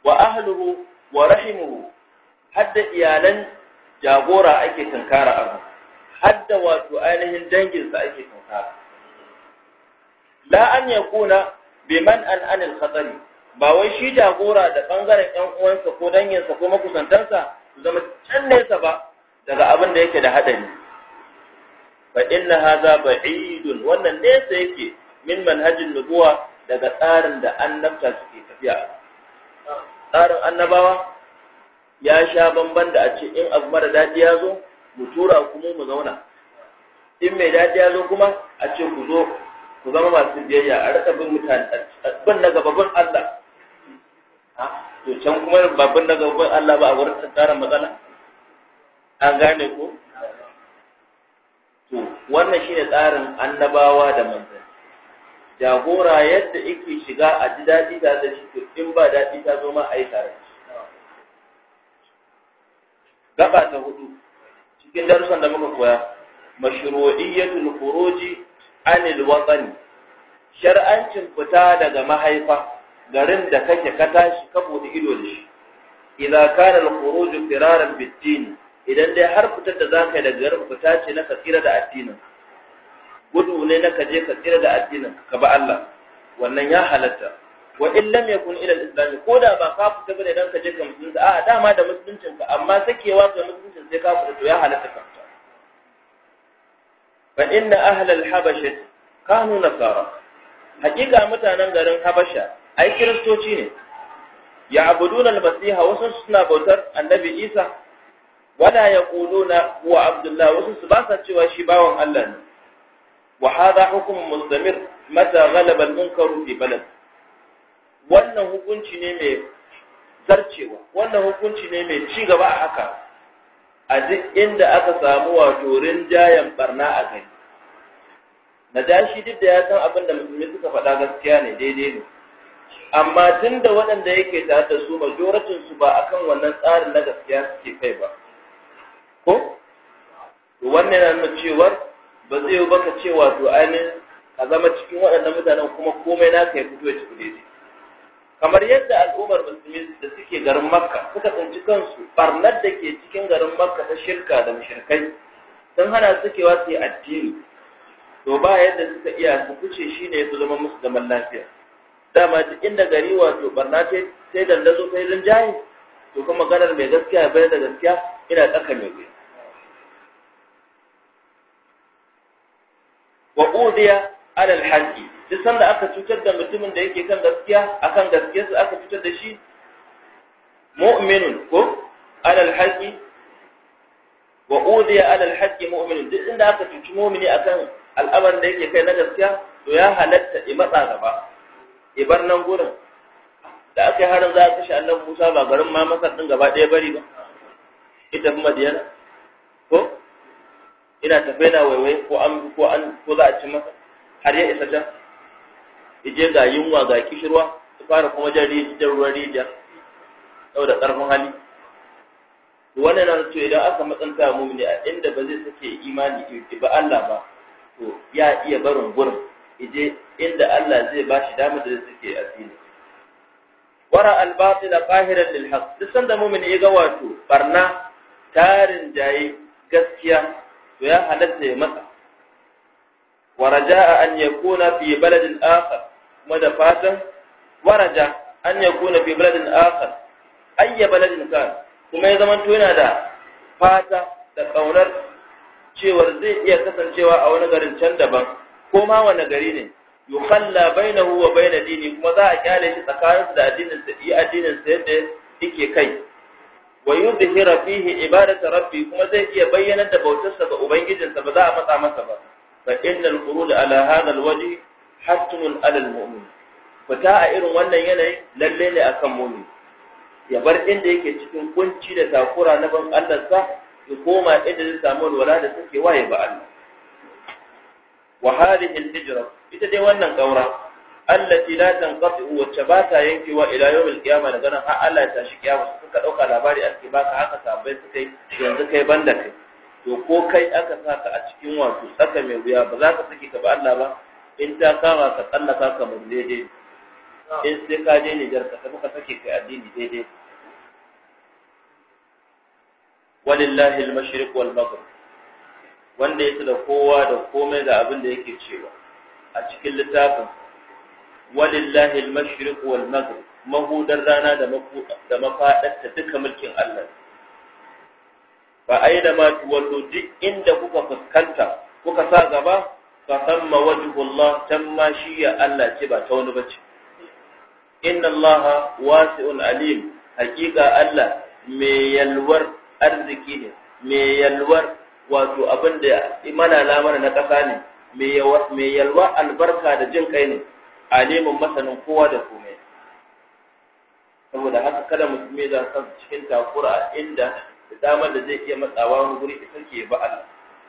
wa ahluhu wa rahimuhu hadda iyalan jagora ake tunkara abu hadda wato ainihin danginsa ake tunkara la an yakuna man an anil khatari ba wai shi jagora da bangaren ɗan uwansa ko danginsa ko makusantansa su zama can nesa ba daga abin da yake da haɗari fa inna hadha ba'idun wannan ne sai yake min manhajin nubuwa daga tsarin da annabta suke tafiya tsarin annabawa ya sha bamban da a ce in abu mara dadi ya zo mu tura ku mu zauna in mai dadi ya zo kuma a ce ku zo ku zama masu biyayya a rika bin mutane bin na gababin Allah to can kuma babban na gababin Allah ba a wurin tsarin matsala an gane ko wannan shine tsarin annabawa da manzanni jagora yadda yake shiga a ji daɗi da da shi in ba daɗi ta zo ma a yi tare gaba ta hudu cikin darussan da muka koya mashru'iyyatul khuruji anil watani shar'ancin fita daga mahaifa garin da kake ka tashi ka bude ido da shi idza kana al khuruj firaran idan dai har fitar da za ka yi daga garin fita ce na katsira da addinin gudu ne na kaje katsira da addinin ka ba Allah wannan ya halatta wa in lam yakun ila al-islam ko da ba ka fita bane dan kaje ka musulunta a dama da musuluncin ka amma sakewa ga musuluncin sai ka fita to ya halatta ka fita fa inna ahla al-habasha kanu nasara hakika mutanen garin habasha ai kristoci ne ya abuduna al-masiha wasu suna bautar annabi isa wala yaquluna huwa abdullah wasu su ba sa cewa shi bawan Allah ne wa hadha hukm mustamir mata ghalaba munkar fi wannan hukunci ne mai zarcewa wannan hukunci ne mai ci gaba a haka a duk inda aka samu wato rinjayen barna a kai Na najashi duk da ya san abin da musulmi suka faɗa gaskiya ne daidai ne amma tun da waɗanda yake tare da su majoratin su ba akan wannan tsarin na gaskiya suke kai ba ko wannan yana nuna cewar ba zai yi baka ce wato ainihin a zama cikin waɗannan mutanen kuma komai na ka yi fito ya daidai kamar yadda al'ummar musulmi da suke garin makka suka tsinci kansu barnar da ke cikin garin makka ta shirka da mushrikai sun hana su ke su yi addini to ba yadda suka iya su kuce shi ne su zama musu zaman lafiya dama duk inda gari wato barna sai dandazo sai rinjaye to kuma maganar mai gaskiya bai da gaskiya ina tsaka mai goyi wa udiya ala haqqi duk sanda aka cutar da mutumin da yake kan gaskiya akan gaskiyarsa aka cutar da shi mu'minun ko ala haqqi wa udiya ala haqqi mu'minun duk inda aka cuci mu'mini akan al'amarin da yake kai na gaskiya to ya halatta i matsa gaba bar nan gurin da aka yi harin za a kashe annabi Musa ba garin ma masar din gaba ɗaya bari ba ita kuma diyana ko ina tafe na waiwai ko an ko an ko za a ci masa har ya isa can ije ga yunwa ga kishirwa su fara kuma jan rijiyar ruwan rijiya saboda ƙarfin hali wannan na to idan aka matsanta mumini a inda ba zai sake imani ki ba Allah ba to ya iya barin gurin ije inda Allah zai ba shi damar da zai sake asiri wara al-batil qahiran lil haqq duk sanda mumini ya ga wato barna tarin jaye gaskiya to ya halatta ya masa wa raja'a an yakuna fi baladin akhar kuma da fatan wa raja an yakuna fi baladin akhar ayya baladin ka kuma ya zamanto yana da fata da kaunar cewar zai iya kasancewa a wani garin can daban ko ma wani gari ne yukhalla bainahu wa bain dini kuma za a kyale shi tsakanin da addinin sa yi addinin sa yadda yake kai wa yuzhira fihi ibadatu rabbi kuma zai iya bayyanar da bautarsa ga ubangijinsa ba za a matsa masa ba fa innal qurud ala hadha alwajh hattun ala almu'min fita a irin wannan yanayin, lallai ne akan mu'min ya bar inda yake cikin kunci da takura na ban Allah ya koma inda zai samu walwala da take waye ba Allah wa hadhihi ita dai wannan ƙaura. allati la tanqati wacce ba ta yankewa ila yawmil qiyamah da ganin har Allah ya tashi kiyama suka dauka labari a cikin baka haka sabai suka yi yanzu kai banda kai to ko kai aka saka a cikin wato tsaka mai wuya ba za ka saki ka ba Allah ba in ta kama ka tsallaka ka mun daidai in sai ka je jarka ka tafi ka kai addini daidai walillahi al-mashriq wal maghrib wanda yake da kowa da komai da abin da yake cewa a cikin littafin walillahi al-mashriq wal mahudar rana da mafuda da duka mulkin Allah fa aina ma tuwallu duk inda kuka fuskanta kuka sa gaba fa tamma wajhu Allah tamma shi Allah ce ba ta wani bace inna Allah wasi'un alim haƙiƙa Allah mai arziki ne mai wato abin da imana lamar na ƙasa ne mai yalwa albarka da jin kai ne alimin masanin kowa da komai saboda haka kada musulmi za su cikin takura inda da damar da zai iya matsawa wani guri da sarki ba Allah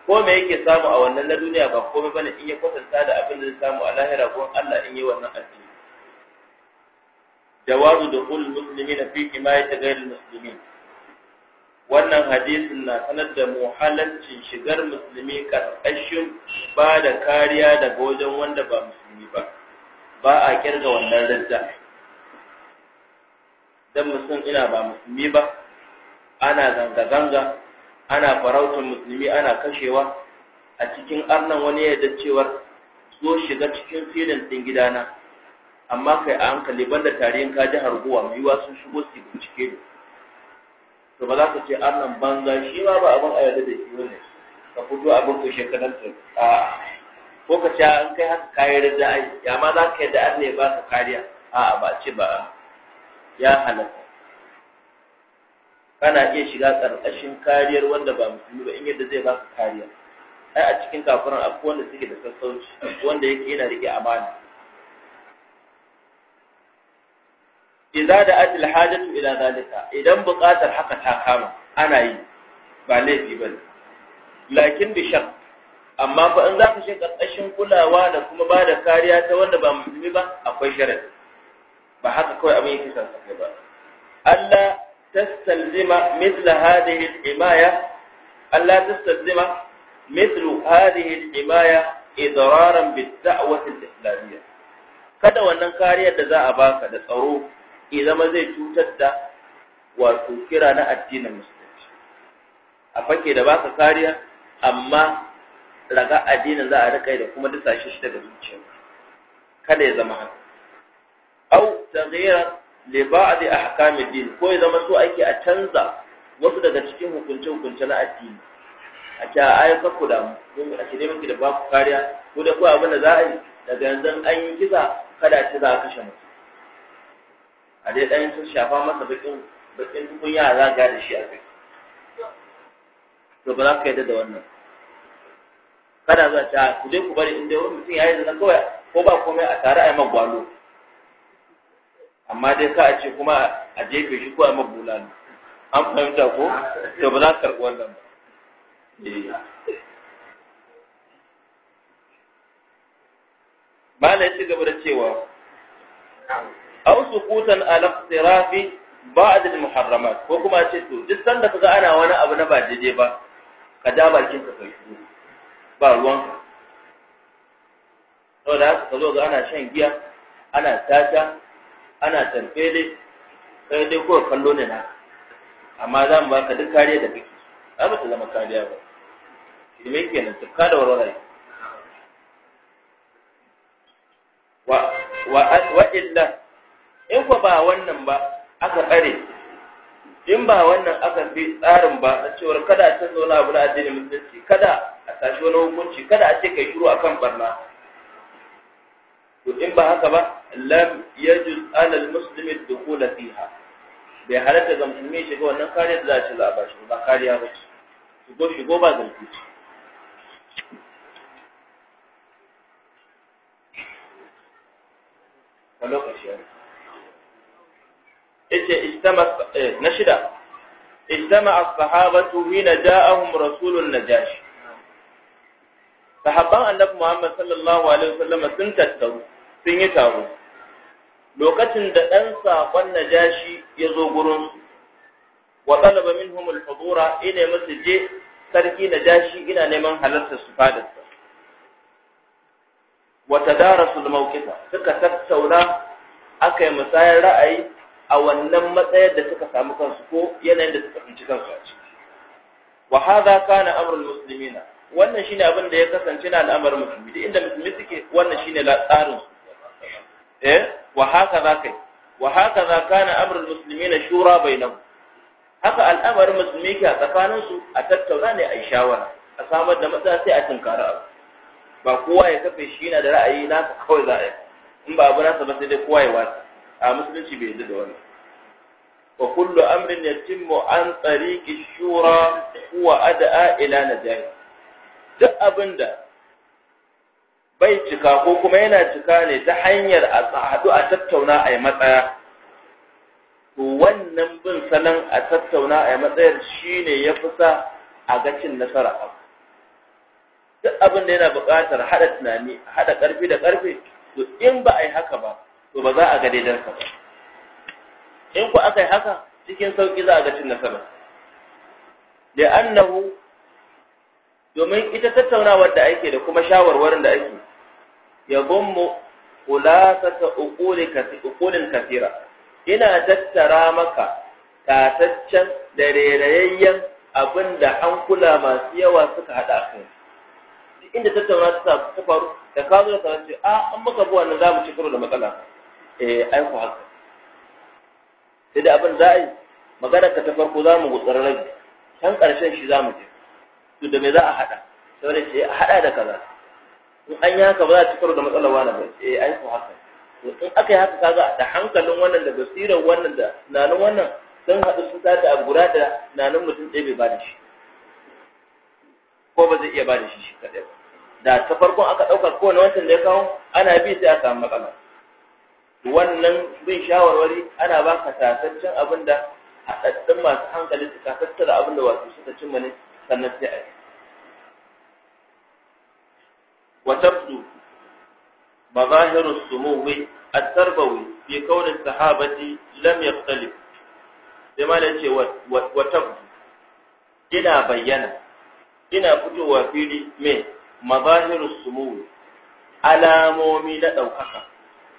ko me yake samu a wannan na duniya ba komai bane in ya kwatanta da abin da zai samu a lahira ko Allah in yi wannan addini da kul muslimina fi himayati ghayril muslimin wannan hadisin na sanar da mu halaccin shigar musulmi karkashin ba da kariya daga wajen wanda ba musulmi ba ba a kirga wannan ridda dan mutum ina ba musulmi ba ana zanga-zanga ana farautar musulmi ana kashewa a cikin arnan wani yadda cewar zo shiga cikin filin din gidana amma kai a hankali banda tarihin ka ji harguwa mai yiwa sun shigo su bincike ne to ba za ka ce arnan banza shi ma ba abin a da shi wani ka fito abin ko shekaran ta ko ka ce an kai haka kayan da ai ya ma za ka yi da an ne ba ka kariya a'a ba ce ba ya halatta kana iya shiga ƙarƙashin kariyar wanda ba musulmi ba in yadda zai ba ka kariya ai a cikin kafiran akwai wanda suke da sassauci wanda yake yana rike amana idan da adil hajatu ila zalika idan buƙatar haka ta kama ana yi ba laifi ba, lakin bi shakk amma fa in za ka shiga ƙarƙashin kulawa da kuma ba da kariya ta wanda ba musulmi ba akwai sharadi ba haka kawai abin yake san kai ba Allah tastalzima mithla hadhihi al-imaya Allah tastalzima mithlu hadhihi al-imaya idraran bid-da'wati al-islamiyya kada wannan kariyar da za a baka da tsaro i zama zai cutar da wato kira na addinin musulunci a fake da baka kariya amma raga addinin za a rika da kuma tashi shi daga zuciya kada ya zama haka au taghyira li ba'd ahkam ad-din ko ya zama so ake a canza wasu daga cikin hukunce hukunce na addini a ta ai ka ku da mu a ce ne miki da ba ku kariya ko da ku abin da za a yi daga yanzu an yi kisa kada ce za a kashe mutum a dai dan sun shafa masa bakin bakin tukun yara ga da shi a kai to ba za ka yadda da wannan kada za ta ku je ku bari in dai wani mutum ya yi zina kawai ko ba komai a tare a yi magwalo. amma dai ka a ce kuma a jefe shi ko a yi an fahimta ko to ba za ka karɓi wannan ba eh. mala ya ci gaba da cewa aw sukutan ala iqtirafi ba'd al muharramat ko kuma ce to duk sanda kaga ana wani abu na ba daidai ba ka ja bakin ka kai ba ka. saboda haka ka zo ga ana shan giya ana tata ana tarfele sai dai kowa kallo ne na amma za mu baka duk kariya da kake ba ba ta zama kariya ba ilimin kenan tukka da warware wa wa illa in ko ba wannan ba aka tsare in ba wannan aka fi tsarin ba a cewar kada ta na abu na addinin mutunci kada tashi wani hukunci kada a ce kai shiru akan barna to in ba haka ba lam yajuz alal muslimi dukhul fiha bai halatta ga musulmi shiga wannan kariya da za a ci za a bashi ba kariya ba ce shigo shigo ba zargi ce a lokaci ya ce eh, na shida اجتمع as حين hina رسول النجاشي sahabban annabi Muhammad sallallahu alaihi wasallam sun tattaru sun yi taro lokacin da dan saƙon najashi ya zo gurin wa talaba minhum al-hudura ina musu je sarki najashi ina neman halarta su fadarsa wa tadarasu al suka tattauna aka yi musayar ra'ayi a wannan matsayar da suka samu kansu ko yanayin da suka fice kansu a ciki wa hadha kana amrul muslimina wannan shine abin da ya kasance na al'amarin musulmi duk inda musulmi suke wannan shine tsarin eh wa haka za kai wa haka za kana amrul muslimina shura bainahu haka al'amarin musulmi ke a tsakanin su a tattauna ne a yi shawara a samar da matsaya sai a tunkara abu ba kowa ya kafe shi na da ra'ayi nasa kawai za a in ba abu nasa ba sai dai kowa ya wata a musulunci bai yadda da wani wa kullu amrin yatimmu an tariqi shura huwa ad'a ila najahi duk abin da bai cika ko kuma yana cika ne ta hanyar a haɗu a tattauna a yi matsaya to wannan bin salon a tattauna a yi matsayar shi ne ya fi sa a gacin nasara abu duk abin da yana buƙatar haɗa tunani haɗa ƙarfi da ƙarfe to in ba a yi haka ba to ba za a ga daidansa ba in ku aka yi haka cikin sauƙi za a ga cin nasara da annahu domin ita tattaunawar da ake da kuma shawarwarin da ake ya gummu kulasata ukulin kafira, ina tattara maka tataccen da rerayayyen abin da an kula masu yawa suka haɗa kai inda tattauna ta ta faru da ka zo ka ce a ah, an maka buwa nan za mu ci karo da matsala eh ai ku haka sai da abin za a yi magana ka ta farko za mu gutsar rabi can ƙarshen shi za mu je to da me za a hada sai wani ce a hada da kaza in an yi haka ba za a cikar da matsalar wani ba eh ai ko haka to in aka yi haka kaga da hankalin wannan da basirar wannan da nanin wannan sun haɗu sun sata a gura da nanin mutum ɗaya bai ba da shi ko ba zai iya ba da shi shi kaɗai ba da ta farkon aka ko kowane wancan da ya kawo ana bi sai a samu matsala wannan bin shawarwari ana ba ka tasaccen abin da haɗaɗɗun masu hankali su tasaccen abin da wasu suka cimma ne sannan sai a yi وتبدو مظاهر السمو التربوي في كون الصحابة لم يختلف بما نتي وتبدو إلى بيانا إلى فتوى فيلي من مظاهر السمو alamomi na ɗaukaka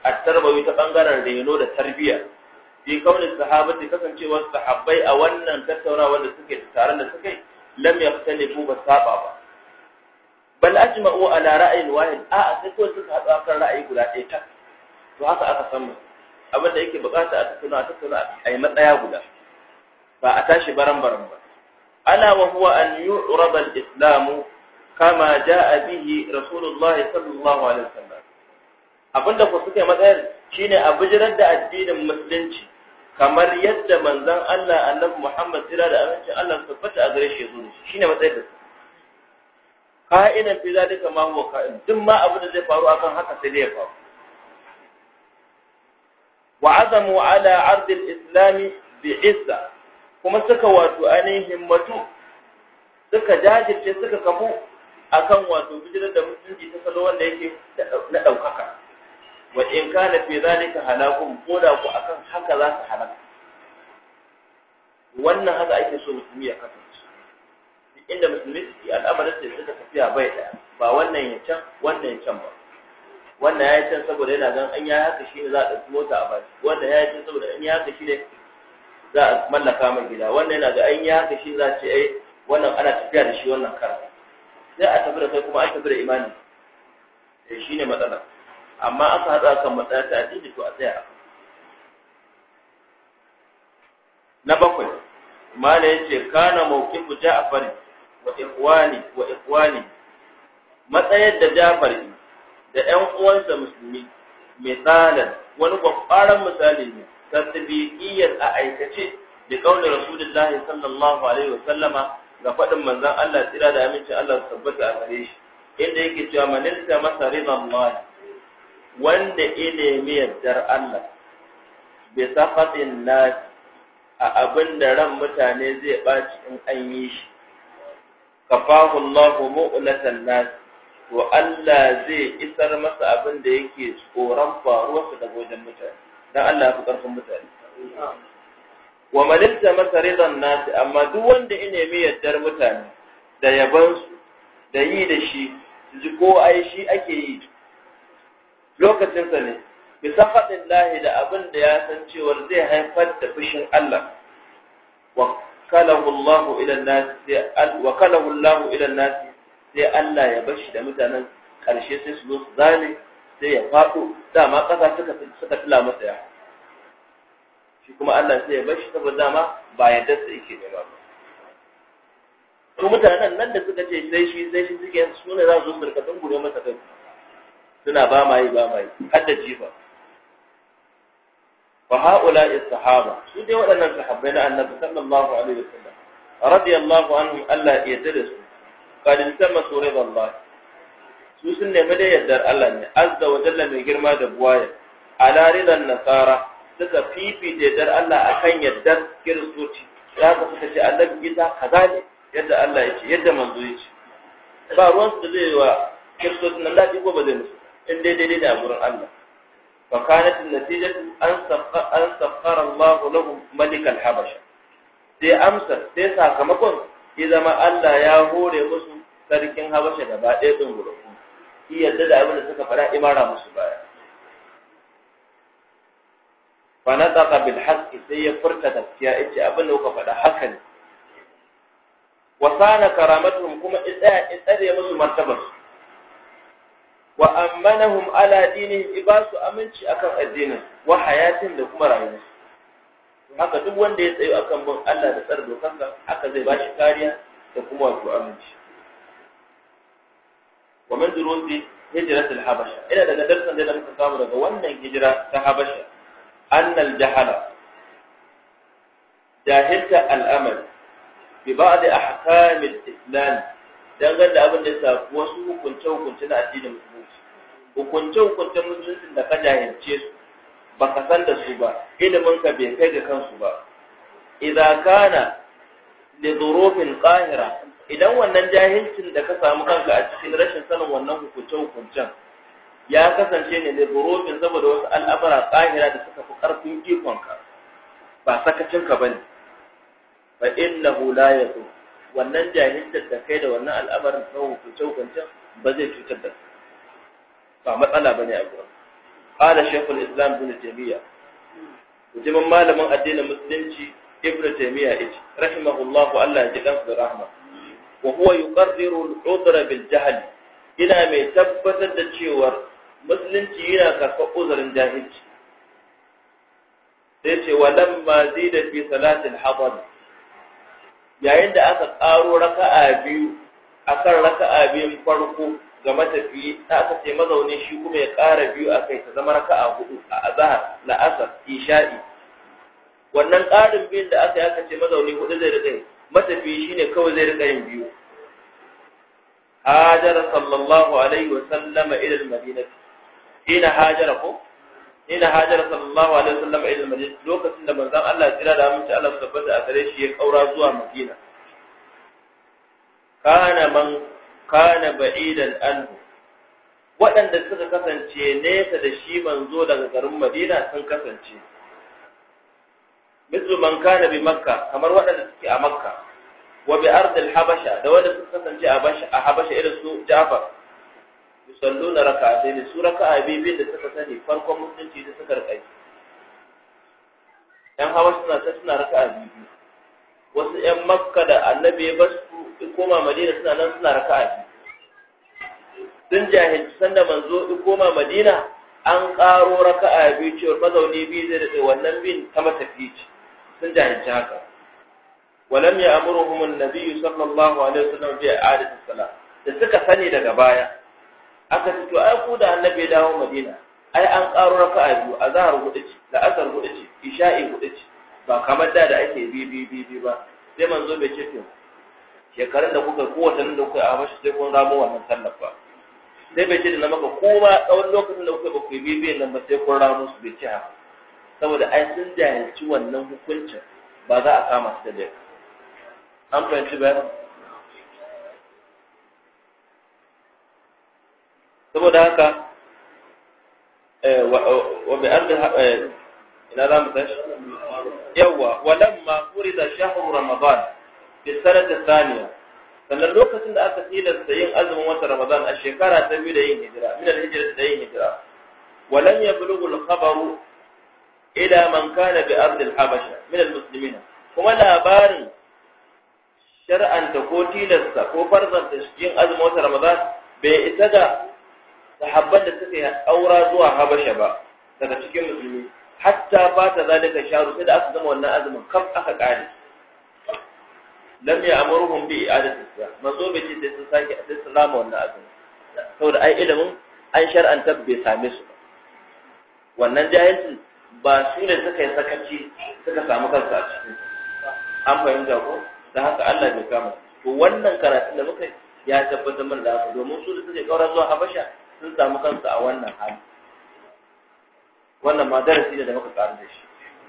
a tarbawi ta ɓangaren reno da tarbiyya bi kaunin sahabati kasancewar sahabbai a wannan tattaunawa da suke taron da suke lam yaktalifu ba saba ba bal ajma'u ala ra'ayin wahid a a sai kawai suka haɗu akan ra'ayi guda ɗaya ta to haka aka san mu. abin da yake bukata a tattauna a tattauna a yi matsaya guda ba a tashi baran baran ba ala wa huwa an yu'raba al-islam kama ja'a bihi rasulullah sallallahu alaihi wasallam abinda ku suke matsayar shine a bijirar da addinin musulunci kamar yadda manzon Allah annabi Muhammad tira da amincin Allah fata a gare shi yazo da shi shine matsayin da ka'idan fi zalika ma huwa ka'in duk ma abin da zai faru akan haka sai zai faru wa azamu ala ard al-islam bi kuma suka wato ainihin himmatu suka jajirce suka kafu akan wato bijirar da mutunci ta salo wanda yake na daukaka wa in kana fi zalika halakum ko da ku akan haka za ka halaka wannan haka ake so musulmi ya kasance duk inda musulmi suke al'amarin sai suka tafiya bai daya ba wannan ya can wannan ya can ba wannan ya yi can saboda yana gan an ya haka shi ne za a ɗauki mota a bashi wannan ya yi can saboda an ya haka shi ne za a mallaka mai gida wannan yana ga an ya haka shi za a ce ai wannan ana tafiya da shi wannan kara sai a tafi da kai kuma an tafi da imani eh, shi ne matsala amma aka haɗa kan matsaya ta addini to a tsaya a na bakwai mala yace kana ku ja'far wa ikhwani wa ikhwani matsayar da ja'far da ƴan uwansa musulmi misalan wani gwabbaran misali ne tasbiqiyyan a aikace da kaunar rasulullahi sallallahu alaihi wa sallama ga faɗin manzon Allah tsira da aminci Allah su tabbata a gare shi inda yake cewa manilta masa ridan Allah wanda ilimi yaddar Allah bi saqatin nas a abin da ran mutane zai ɓaci in an yi shi kafahu Allahu mu'latan nas to Allah zai isar masa abin da yake tsoron su daga wajen mutane dan Allah fi karfin mutane wa malilta masaridan nas amma duk wanda ine mai yaddar mutane da yabansu da yi da shi ji ko ai shi ake yi lokacin sa ne bi faɗin lahi da abin da ya san cewa zai haifar da fushin Allah wa kalahu Allah ila nas sai wa kalahu Allah ila nas sai Allah ya bashi da mutanen karshe sai su zo su zane sai ya faɗo dama ƙasa suka suka tula masa ya shi kuma Allah sai ya bashi saboda dama ba yadda sa yake nema ba to mutanen nan da suka ce sai shi sai shi suke sune za su zo su rika dungure masa kai suna ba ma yi ba ma yi har da jifa wa haula sahaba su dai waɗannan sahabbai na annabi sallallahu alaihi wasallam radiyallahu anhum Allah ya yarda da su kadin sama sura Allah. su sun nemi da yardar Allah ne azza wa jalla mai girma da buwaya ala ridan nasara suka fifita yardar Allah akan yardar kiristoci za ka suka ce annabi isa kaza ne yadda Allah ya ce yadda manzo ya ce ba ruwan su da zai yi wa kiristoci nan lafi ko ba zai musu in dai dai da gurin Allah fa kanat natijatu an sakhara an sakhara Allah lahu malik al-habasha sai amsa sai sakamakon ya zama Allah ya hore musu sarkin habasha gaba ɗaya din gurin shi yadda da abin da suka fara imara musu baya fa nataqa bil haqq sai ya furta gaskiya yace abin da kuka faɗa haka ne wa sana karamatuhum kuma itsaya itsare musu martabarsu wa ammanahum ala dinihim basu aminci akan addinin wa hayatin da kuma rayuwa haka duk wanda ya tsayo akan bin Allah da tsar dokansa haka zai bashi kariya da kuma wato aminci wa min durusi hijrat al-habasha ina daga darsan da muka samu daga wannan hijira ta habasha annal jahala jahilta al-amal bi ba'd ahkam al-islam dangane da abin da ya wasu hukunce hukunce na addinin hukunce hukunce musulunci da ka jahilce su ba ka san da su ba ilimin ka bai kai ga kansu ba idza kana li dhurufin qahira idan wannan jahilcin da ka samu kanka a cikin rashin sanin wannan hukunce-hukuncen ya kasance ne li dhurufin saboda wasu al'amara qahira da suka fi karfin ka ba sakacinka bane fa innahu la yadu wannan jahilcin da kai da wannan al'amarin na hukunce-hukuncen ba zai cutar da kai ba matsala bane a gurin qala shaykhul islam ibn taymiya mutumin malamin addinin musulunci ibn taymiya yace rahimahullahu Allah ya ji kansa rahma wa huwa yuqarriru al-udra bil jahl ina mai tabbatar da cewa musulunci yana karɓar uzurin jahilci sai ce walam ma zida fi Salatin hadar yayin da aka ƙaro raka'a biyu akan raka'a biyun farko ga matafi ta aka ce mazauni shi kuma ya ƙara biyu a kai ta zama raka'a hudu a azhar la'asar isha'i wannan ƙarin biyun da aka yi aka ce mazauni hudu zai riƙa yi shi shine kawai zai riƙa yin biyu hajara sallallahu alaihi wa sallama ila madinati ina hajara ko ina hajara sallallahu alaihi wa sallama ila madinati lokacin da manzon Allah jira da aminci Allah tabbata a gare shi ya kaura zuwa Madina kana man kana ba'idan anhu waɗanda suka kasance nesa da shi manzo daga garin Madina sun kasance mithlu man kana bi makka kamar waɗanda suke a makka wa bi ardil habasha da wanda suka kasance a habasha a habasha irin su Ja'far yusalluna raka'atayn su raka'a biyu da suka sani farkon musulunci da suka rika dan habasha suna suna raka'a biyu wasu yan makka da annabi ya basu in koma madina suna nan suna raka'a sun jahilci sanda manzo in koma madina an ƙaro raka'a biyu cewar mazauni biyu zai daɗe wannan bin ta matafi ce sun jahilci haka walam ya amuruhum nabi sallallahu alaihi wasallam bi i'adati salat da suka sani daga baya aka ce to ai ku da annabi ya dawo madina ai an ƙaro raka'a biyu azhar hudu ce da asar hudu ce isha'i hudu ce ba kamar da da ake bi bi bi ba sai manzo bai ce to shekarun da kuka ko watannin da kuka a bashi sai kun ramo wannan sallar ba sai bai ce da na maka ko ba tsawon lokacin da kuka ba ku yi bibiyan nan ba sai kun ramu su bai ce haka saboda ai sun jahilci wannan hukuncin ba za a kama su da laifi an fahimci ba saboda haka eh, wa bi an eh, ina za mu tashi yawwa walamma furida shahru ramadan fi sanata saniya sannan lokacin da aka tilasta yin azumin wata ramadan a shekara ta biyu da yin hijira min al-hijra da yin hijira walan yablughu al-khabaru ila man kana bi ard al-habasha min al-muslimin kuma labarin shar'anta ko tilasta ko farzanta yin azumin wata ramadan bai isa ga sahabban da suka yi aura zuwa habasha ba daga cikin musulmi hatta ba ta zalika sharu sai da aka gama wannan azumin kaf aka kare lam ya'muruhum bi i'adati siyam manzo bai ce sai sun sake sai sun rama wannan abin saboda ai ilimin an ta bai same su wannan jahilci ba su ne suka yi sakaci suka samu kansu a cikin an fahimta ko da haka Allah bai kama to wannan karatun da muka ya tabbatar mana da haka domin su da suke kaura zuwa Habasha sun samu kansu a wannan hali wannan ma darasi ne da muka karu da shi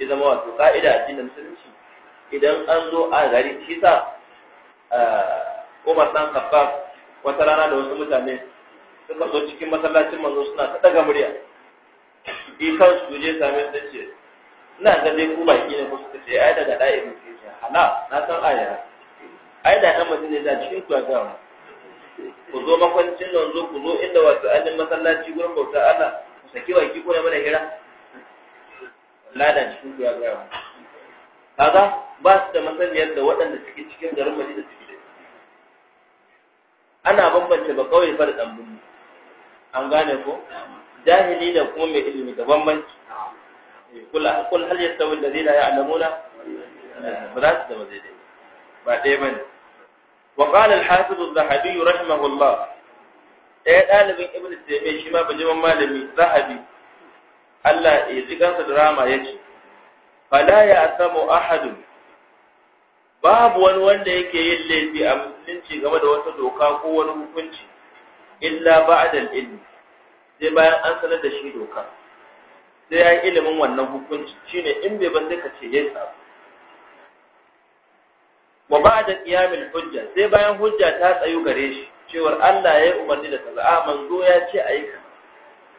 ya ma wato ka'ida a cikin musulunci idan an zo a gari shi sa eh, Umar dan Khattab wata rana da wasu mutane suka zo cikin masallacin manzo suna ta daga murya in kan su je same su ce ina ga dai ku baki ne ko suka ce ai daga da'i mu ce hala na san aya ai da dan mutum ne da cikin ku ya ga ku zo makwancin manzo ku zo inda wato annin masallaci gurin bauta Allah ku saki baki ko ya mana hira Allah da cikin ku ya ga ba su da masaniyar da waɗanda suke cikin garin Madina suke da ana bambance ba kawai fa da dan bunni an gane ko jahili da kuma mai ilimi da bambanci eh, Kula kul hal yastawi alladhina ya'lamuna ba za su zama daidai ba ɗaya bane wa qala al-hafiz az-zahabi rahimahullah ɗaya ɗalibin ibnu taymiyyah shi ma bajiman malami zahabi Allah ya ji kansa da rama yake fala ya asamu ahadun babu wani wanda yake yin laifi a musulunci game da wata doka ko wani hukunci illa da ilmi sai bayan an sanar da shi doka sai ya yi ilimin wannan hukunci shine in bai ba sai ka ce Ba sabu wa da ƙiyamin hujja sai bayan hujja ta tsayu gare shi cewar Allah ya yi umarni da kaza a manzo ya ce yi ka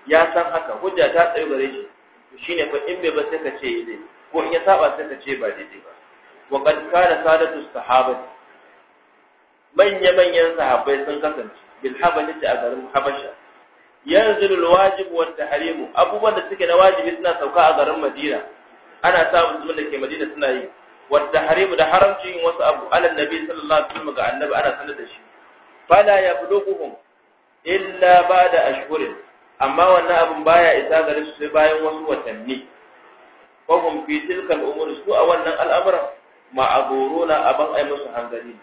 ya san haka hujja ta tsayu gare shi shine fa in bai ba sai ka ce yayi ko in ya saba sai ka ce ba daidai ba wa qad kana sadatu sahabati manya manyan sahabbai sun kasance bil habashati a garin habasha yanzu alwajib wa tahrimu abubuwan da suke na wajibi suna sauka a garin madina ana sa musulmin da ke madina suna yi wa tahrimu da haramci yin wasu abu alal nabi sallallahu alaihi wasallam ga annabi ana sanar da shi fala yabluquhum illa ba'da ashhurin amma wannan abin baya isa garin su sai bayan wasu watanni ko hum fi tilka su a wannan al'amuran ma'aburuna abin ai musu hangari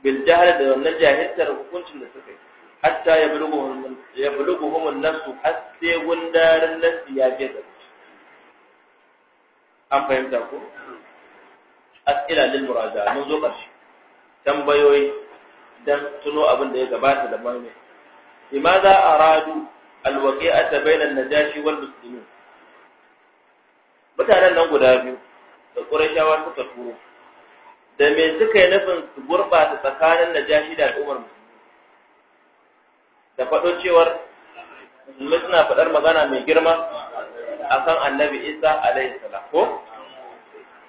bil jahl da wannan jahiltar hukuncin da suka yi hatta ya yabluguhum an nasu hatta gundarin nasu ya ke da an fahimta ko as'ila lil murada mun zo ƙarshe tambayoyi dan tuno abin da ya gabata da mai limaza aradu alwaqi'ata bainan najashi wal muslimin mutanen nan guda biyu da ƙurashawa suka turo da me suka yi nufin su gurɓata tsakanin najashi da al'ummar da faɗo cewar musulmi suna faɗar magana mai girma akan annabi isa alaihi salam ko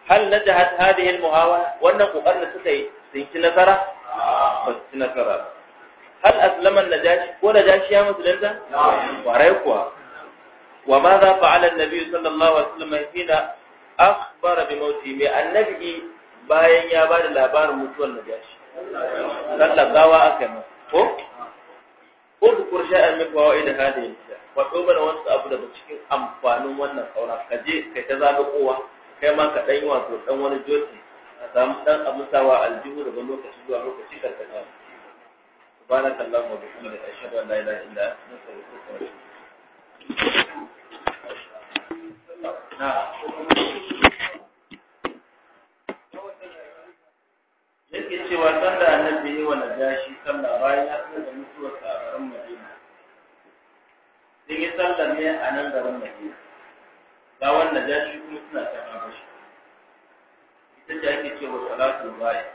hal na jihar al-muhawara wannan ƙoƙarin da suka yi sun ci nasara ba su ci nasara hal aslama najashi ko najashi ya musulunta kwarai kuwa wa ma za fa'ala an-nabi sallallahu alaihi wasallam hina akhbara bi mauti mai annabi bayan ya ba da labarin mutuwar najashi sallar gawa aka yi masa ko udkur sha'an min fawaid hadhihi wa duba da wasu abu daga cikin amfanin wannan kaura je kai ta zaga kowa kai ma ka ɗanyi wato ɗan wani joti ka samu ɗan abu sawa aljihu daga lokaci zuwa lokaci ka tsaka wa bihamdika ashhadu an la ilaha illa anta astaghfiruka wa atubu yake cewa sanda annabi yi wa najashi sallah bayan ya sanar da mutuwar sa a garin Madina sai ya sallame a nan garin Madina gawan najashi kuma suna ta habashi ita ce ake cewa salatu bayi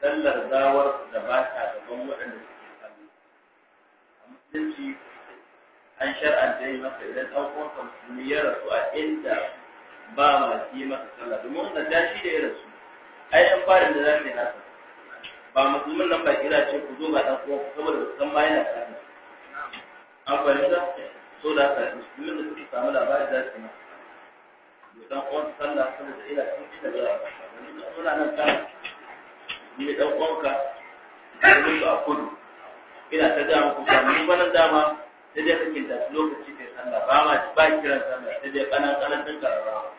sallar gawar da ba ta gaban waɗanda suke sallah a musulunci an shar'anta yi maka idan ɗan uwansa musulmi ya rasu a inda ba ma yi maka sallah domin wannan da shi da ya rasu ai an fara da za su yi haka ba musulmin nan ba kira ce ku zo ga ɗan ku saboda ba san ma yana karatu an fahimta so da haka musulmin da suka samu labarin za su yi maka. sallah ɗan uwansa sallah saboda ina cikin da za a masa wani suna nan kana mai ɗan uwanka da mutu a kudu ina ta gama ku samu nan dama sai dai kake da lokaci kai sallah ba ma ba kiran sallah kana kana karawa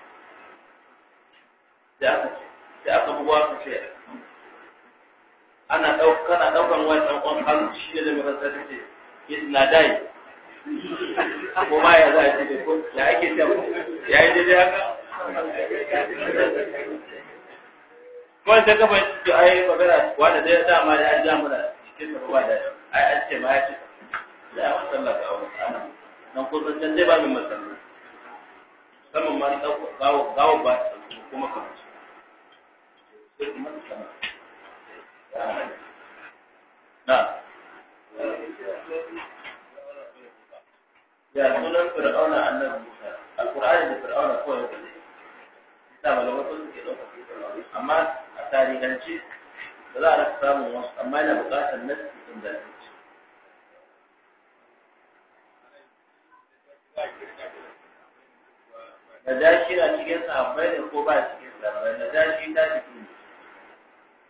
da aka ce da aka buwa ka ce ana dauk kana daukan wani dan shi ne da makaranta take dai ko ma ya zai ce ko ya ake ta ya yi haka kuma ta kafa magana wanda zai dama ya ji amana cikin ruwa da ai an ce ma ya ce za a sallah ana ko ba min masallaci musamman ma gawo gawo ba ta kuma ka ci sai kuma sana na ya sunan fir'auna annabi Musa da fir'auna ko ya kace ta malama sun ke dauka amma a tarihance ba za a rasa samun wasu amma yana buƙatar nasi inda ne najashi na cikin sahabbai ne ko ba cikin sahabbai najashi ta cikin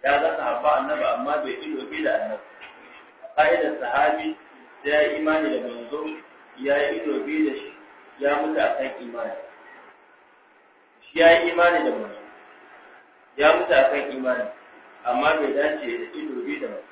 ya ga sahabba annabi amma bai ido bi da annabi ka'idar sahabi ya yi imani da manzo ya yi ido bi da shi ya mutu a kan imani shi ya yi imani da manzo ya mutu a kan imani amma bai dace da ido bi da manzo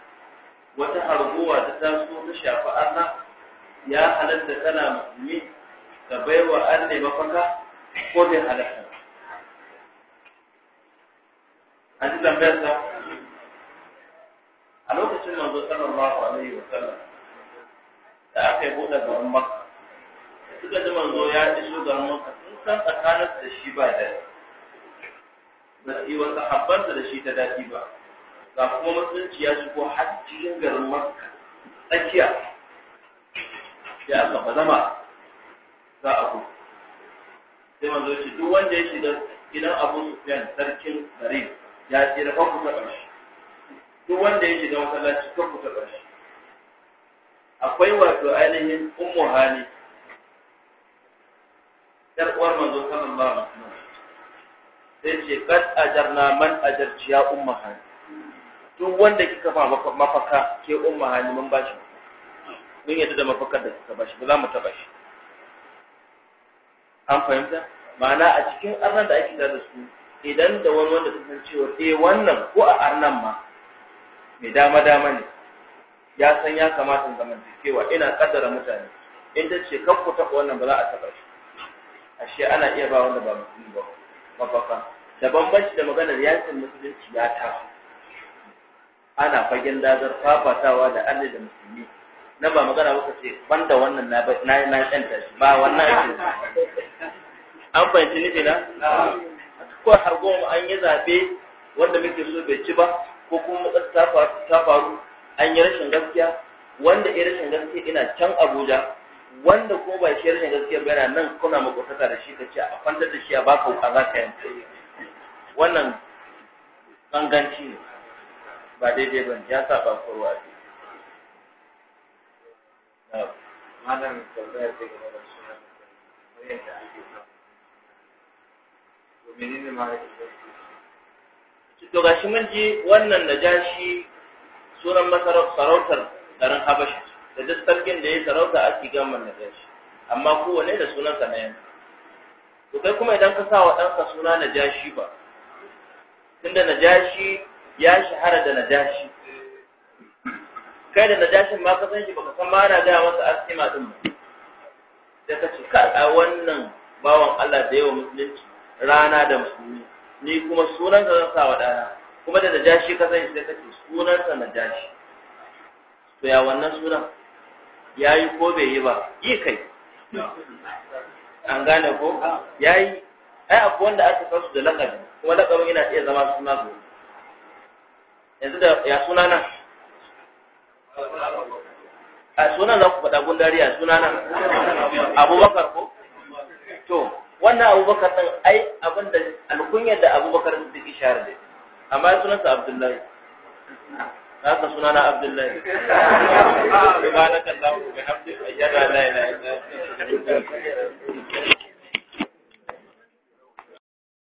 wata harguwa ta taso ta shafi Allah ya halatta tana musulmi ka baiwa Allah mafaka ko bai halatta a ji tambayar sa a lokacin manzo sallallahu alaihi wa sallam da aka yi buɗe garin Makka suka ji manzo ya iso garin Makka sun san tsakanin da shi ba da ba yi wasu habbansa da shi ta daɗi ba ga kuma musulunci ya shigo har cikin garin makka tsakiya ya aka zama za a kuma sai manzo shi duk wanda ya shiga gidan abu sufyan sarkin garin ya tsira ba ku ƙarshe. shi duk wanda ya shiga masallaci ba ku taɓa shi akwai wato ainihin ummu hali yar uwar manzo sallallahu alaihi wasallam sai ce kad ajarna man ajarci ya ummu hali duk wanda kika ba mafaka ke umma hali mun bashi mun yadda da mafakar da kika bashi ba za mu taba shi an fahimta ma'ana a cikin arnan da ake da su idan da wani wanda ta san cewa eh wannan ko a arnan ma mai dama dama ne ya san ya kamata in zaman cewa ina kaddara mutane in ta ce kan ku taɓa wannan ba za a taɓa shi ashe ana iya ba wanda ba musulmi ba mafaka da bambanci da maganar yakin musulunci ya taso ana fagen dazar fafatawa da alli da musulmi na ba magana ba ce banda wannan na na na tsanta shi ba wannan ake an fahimci ne na ko har goma an yi zabe wanda muke so bai ci ba ko kuma ta faru an yi rashin gaskiya wanda ya rashin gaskiya ina can Abuja wanda ko ba shi rashin gaskiya ba yana nan kuna makotaka da shi kace a kwantar da shi a baka wuka za ka yanke wannan ganganci ne ba daidai ba ya saba korwa ne malam tambaya ce game da suna mutum yadda ake samu to menene ma ake samu to gashi mun ji wannan da jashi sunan masarar sarautar garin habashi da duk sarkin da ya sarauta ake gama na jashi amma kowane da sunansa na yanzu to kai kuma idan ka sa wa ɗanka suna na jashi ba tunda na jashi ya shahara da najashi kai da najashin ma ka san shi baka san ma na ga masa asima din ba da ka ci ka wannan bawan Allah da yawa musulunci rana da musulmi ni kuma sunan ka zan sa wa dana kuma da najashi ka san shi sai ka ce sunan sa najashi to ya wannan sunan yayi ko bai yi ba yi kai an gane ko yayi ai akwai wanda aka san su da lakabi kuma lakabin yana iya zama suna su yanzu da ya suna nan a sunan za ku faɗa gundari a suna nan abubakar ko to wannan abubakar ɗin ai abin da alkunyar da abubakar da duk share da amma sunansa abdullahi ka suna na abdullahi ba na kan ku ga hamdu ayyada la ilaha illa